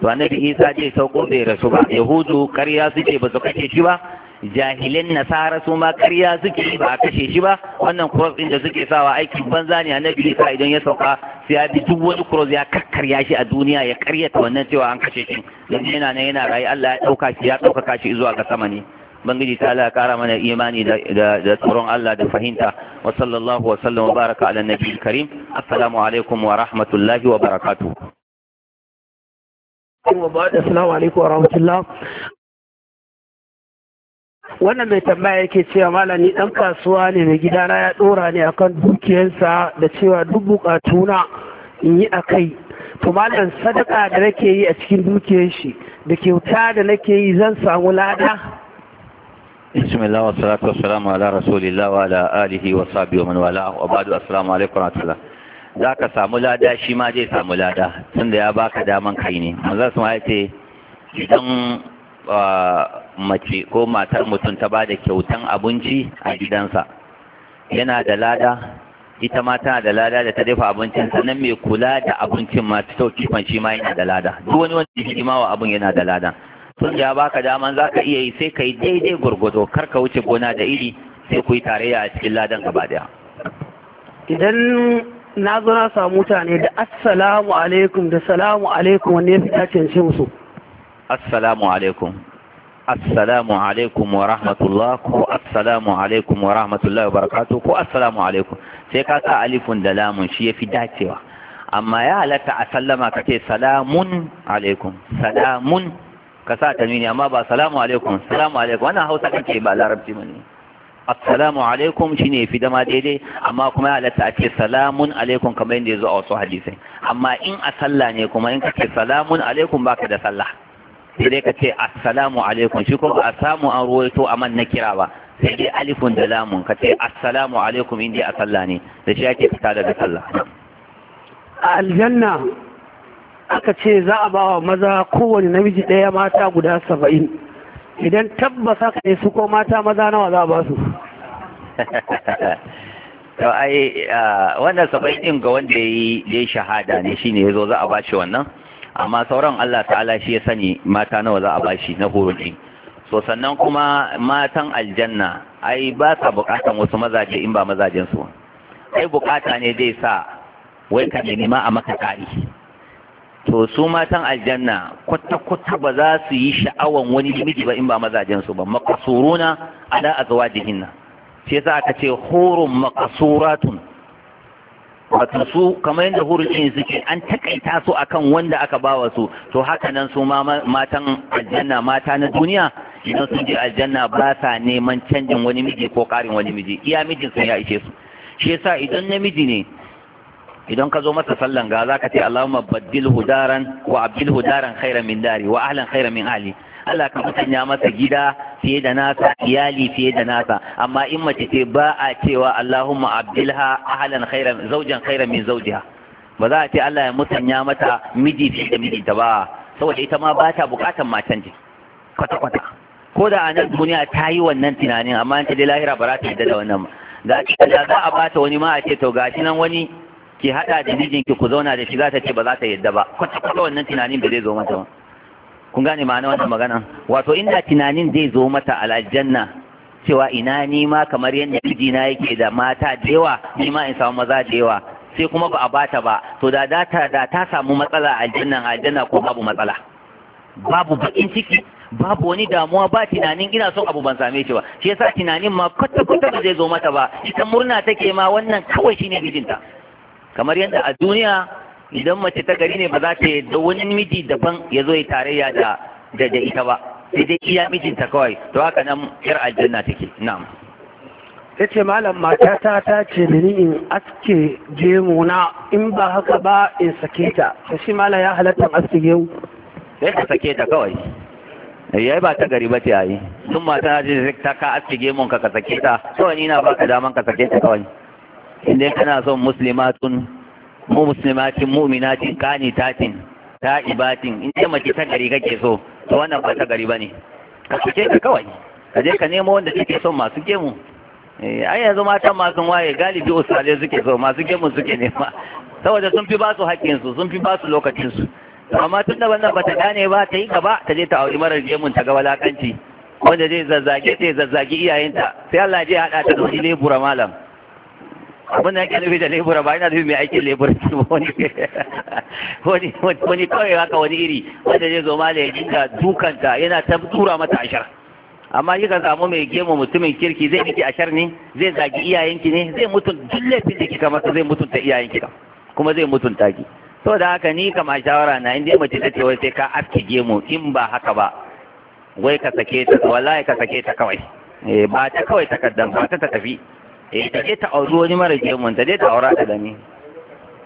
to annabi isa zai sauko ya rasu ba yahudu karya suke ba su kashe shi ba jahilan nasara su ma ƙarya suke ba a kashe shi ba wannan cross din da suke sawa aikin banza ne annabi Isa idan ya sauka sai ya bi duk wani cross ya karkarya shi a duniya ya karyata wannan cewa an kashe shi dan yana nan yana rayu Allah ya dauka shi ya ɗaukaka shi zuwa ga sama ne bangiji ta Allah kara mana imani da tsoron Allah da fahimta wa sallallahu wa sallam wa baraka ala nabiyil karim assalamu alaikum wa rahmatullahi wa barakatuh wa ba'da da alaikum wa rahmatullahi. wannan mai tambaya yake cewa malami dan kasuwa ne mai gidana ya dora ne akan dukiyarsa da cewa duk bukatuna in yi a kai to malam sadaka da nake yi a cikin dukiyar shi da kyauta da nake yi zan samu lada bismillah wa salatu wa salamu ala rasulillah wa ala alihi wa sahbihi wa man wala wa ba'du assalamu alaikum wa rahmatullah zaka samu lada shi ma zai samu lada tunda ya baka daman kai ne manzo sun ce idan ah, mace ko matar mutum ta ba da kyautan abinci a gidansa yana da lada ita ma tana da lada da ta dafa abincin sannan mai kula da abincin ma ta sauki fanci ma yana da lada duk wani wanda yake ma wa abin yana da lada sun ya baka dama za ka iya yi sai ka yi daidai gwargwado kar ka wuce gona da iri sai ku yi tarayya a cikin ladan gaba daya idan na zo na samu mutane da assalamu alaikum da salamu alaikum wanne ya fi dace shi musu assalamu alaikum assalamu alaikum wa rahmatullah ko assalamu alaikum wa rahmatullah wa barakatu ko assalamu alaikum sai ka sa alifun da lamun shi yafi dacewa amma ya halatta a sallama ka ce salamun alaikum salamun ka sa tanwini amma ba salamu alaikum salamu alaikum wannan hausa kake ba larabci bane assalamu alaikum shine fi dama daidai amma kuma ya halatta a ce salamun alaikum kamar yadda ya zo a wasu hadisai amma in a sallah ne kuma in ka kace salamun alaikum baka da sallah sai dai ka ce assalamu alaikum shi kuma a samu an ruwaito a man na kira ba sai dai alifun da lamun ka ce assalamu alaikum indai a sallah ne da shi ake fita daga sallah a aljanna aka ce za a ba wa maza kowane namiji ɗaya mata guda saba'in idan tabbas haka ne su ko mata maza nawa za a ba su to ai wannan saba'in ga wanda ya yi shahada ne shine ya zo za a ba shi wannan amma sauran Allah ta'ala shi ya sani mata nawa za a bashi na hurun so sannan kuma matan aljanna ai ba sa bukatan wasu mazaje in ba mazajen su ai bukata ne zai sa wai ka ne ma a maka kari to su matan aljanna kwata-kwata ba za su yi sha'awan wani miji ba in ba mazajen su ba makasuruna ala azwajihinna shi yasa aka ce hurun makasuratun wato su kamar yadda hurin suke an takaita su akan wanda aka bawa su to haka nan su matan aljanna mata na duniya idan sun je aljanna ba sa neman canjin wani miji ko karin wani miji iya mijin sun ya ishe su shi yasa idan namiji ne idan ka zo masa sallan ga zaka ce Allahumma baddil hudaran wa abdil hudaran khairan min dari wa ahlan khairan min ahli Allah ka musanya masa gida fiye da nasa iyali fiye da nasa amma in mace ce ba a cewa Allahumma abdilha ahlan khairan zawjan khairan min zawjiha ba za a ce Allah ya musanya mata miji fiye da mijinta ba saboda ita ma ba ta bukatan matan ji kwata kwata ko da a nan duniya ta yi wannan tunanin amma ta dai lahira ba za ta yadda da wannan ba da za a bata wani ma a ce to gashi nan wani ki hada da mijinki ku zauna da shi za ta ce ba za ta yadda ba kwata kwata wannan tunanin da zai zo mata ba kun gane ma'ana wannan magana wato ina tunanin zai zo mata a aljanna cewa ina ni ma kamar yadda mijina yake da mata da yawa ni ma in samu maza da yawa sai kuma ba a bata ba to da da ta samu matsala aljanna aljanna ko babu matsala babu bakin ciki babu wani damuwa ba tunanin ina son abu ban same shi ba shi yasa tunanin ma kwata kwata ba zai zo mata ba ita murna take ma wannan kawai shine mijinta kamar yadda a duniya idan mace ta gari ne ba za ta yadda wani miji daban ya zo ya tarayya da da da ita ba sai dai iya mijinta kawai to haka nan yar aljanna take na'am yace malam matata ta ce da ni in aske na, in ba haka ba in sake ta to shi malam ya halatta aske gemu sai ka sake ta kawai yayi eh, ba ta gari ba ta yayi sun mata ce ta ka aske gemu ka ka sake ta kawai ni na baka daman ka sake ta kawai inda kana son muslimatun mu muslimatin mu'minatin ta ibatin in ce mace ta gari kake so to wannan ba ta gari bane ka fice ka kawai ka je ka nemo wanda kake son masu gemu eh, ai yanzu matan masu waye galibi usale suke so masu gemu suke nema saboda sun fi ba su haƙƙinsu sun fi ba su lokacinsu amma tun da wannan bata gane ba ta yi gaba ta je ta auri marar gemun ta ga walakanci wanda zai zazzage zai zazzage iyayenta sai Allah ya haɗa ta da wani lebura malam abin da ya nufi da lebura ba yana nufi mai aikin lebura wani wani kawai haka wani iri wanda zai zo mala ya dinga dukanta yana ta tura mata ashar amma yi kan samu mai gemu mutumin kirki zai miki ashar ne zai zagi iyayenki ne zai mutun duk laifin da kika masa zai mutunta iyayenki kan kuma zai mutunta ki da haka ni kama shawara na inda mace ta ce wai sai ka aske gemu in ba haka ba wai ka sake ta wallahi ka sake ta kawai eh, ba ta kawai kaddan, ba ta tafi eh ta je ta auri wani mara gemun ta je ta aura da gani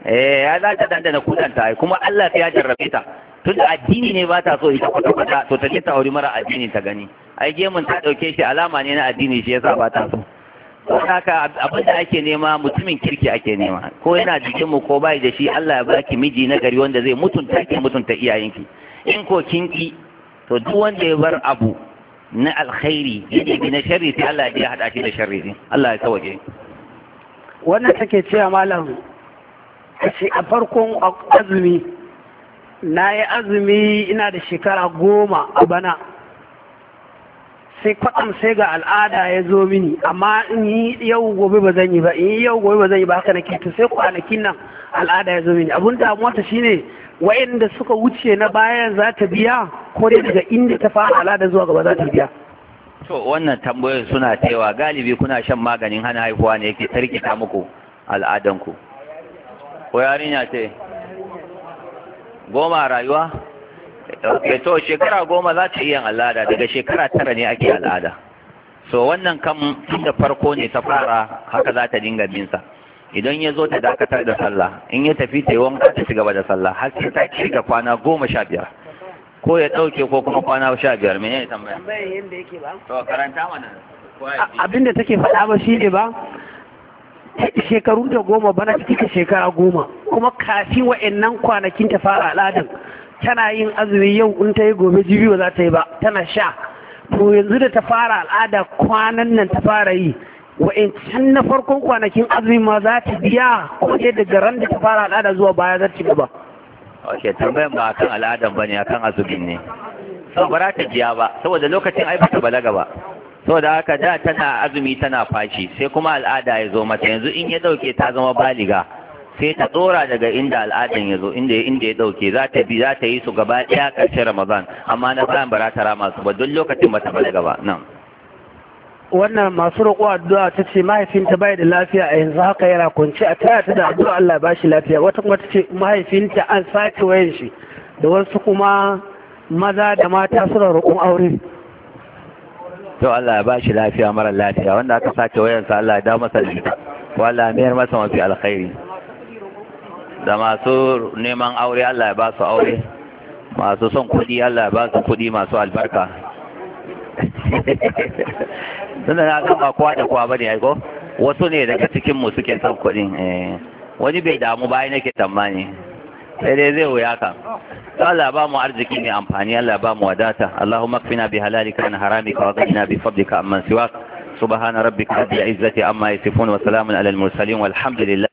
eh ya za ta dandana kudanta ai kuma Allah ya jarrabe ta tun da addini ne ba ta so ita kwata kwata to ta je ta auri mara addini ta gani ai gemun ta dauke shi alama ne na addini shi yasa ba ta so don haka abin da ake nema mutumin kirki ake nema ko yana jikin mu ko bai da shi Allah ya baki miji na gari wanda zai mutunta ki mutunta iyayenki in ko kinki to duk wanda ya bar abu na alkhairi yadda bi na sharri sai Allah ya haɗa shi da sharri Allah ya tawaje wannan take cewa malam ce a farkon azumi na yi azumi ina da shekara goma a bana sai kwatsam sai ga al'ada ya zo mini amma in yi yau gobe ba zan yi ba in yi yau gobe ba zan yi ba haka nake to sai kwanakin nan al'ada ya zo mini abun damuwa ta shine wa'inda suka wuce na baya za ta biya ko dai daga inda ta fara al'ada zuwa gaba za ta biya to wannan tambayoyin suna taiwa galibi kuna shan maganin hana haihuwa ne yake tarkita muku al'adanku ko yarinya ce goma rayuwa to shekara goma za ta iya al'ada daga shekara tara ne ake al'ada so wannan kam tun da farko ne ta fara haka za ta dinga binsa idan ya zo ta dakatar da sallah in ya tafi ta yi wanka ta shiga da sallah har sai ta shiga kwana goma sha biyar ko ya ɗauke ko kuma kwana sha biyar mene ne tambaya to karanta mana abin da take faɗa ba shi ne ba shekaru da goma bana ta cika shekara goma kuma kafin wa'annan kwanakin ta fara al'adan tana yin azumi yau in ta yi gobe jibi ba za ta yi ba tana sha to yanzu da ta fara al'ada kwanan nan ta fara yi can na farkon kwanakin azumi ma za ta biya ko ce daga ran da ta fara al'ada zuwa baya za ta gaba ok tambayan ba akan al'adan ba ne akan azumi ne sau ba za ta biya ba saboda lokacin ai ta balaga ba saboda haka da tana azumi tana fashi sai kuma al'ada ya zo mata yanzu in ya dauke ta zama baliga sai ta tsora daga inda al'adan ya zo inda inda ya dauke za ta bi za ta yi su gaba ɗaya ƙarshen ramadan amma na bayan ba za ta rama su ba don lokacin bata balaga ba nan wannan masu roƙo addu'a ta ce mahaifinta bai da lafiya a yanzu haka yana kunci a taya ta da addu'a Allah ba shi lafiya wata kuma ta ce mahaifinta an sake wayan shi da wasu kuma maza da mata suna roƙon aure to Allah ya ba shi lafiya mara lafiya wanda aka sake wayan sa, Allah ya dawo masa lafiya" ko Allah ya mayar masa mafi alkhairi da masu neman aure Allah ya ba su aure masu son kuɗi Allah ya ba su kuɗi masu albarka tunda na ga ba kowa da kowa ba ne ko wasu ne daga cikin mu suke son kuɗin eh. wani bai damu ba nake tsammani sai dai zai wuya ka Allah ba mu arziki mai amfani Allah ba mu wadata Allahumma kfina bi halalika an haramika wa ghina bi fadlika amman siwak subhana rabbika rabbil izzati amma yasifun wa salamun alal mursalin walhamdulillah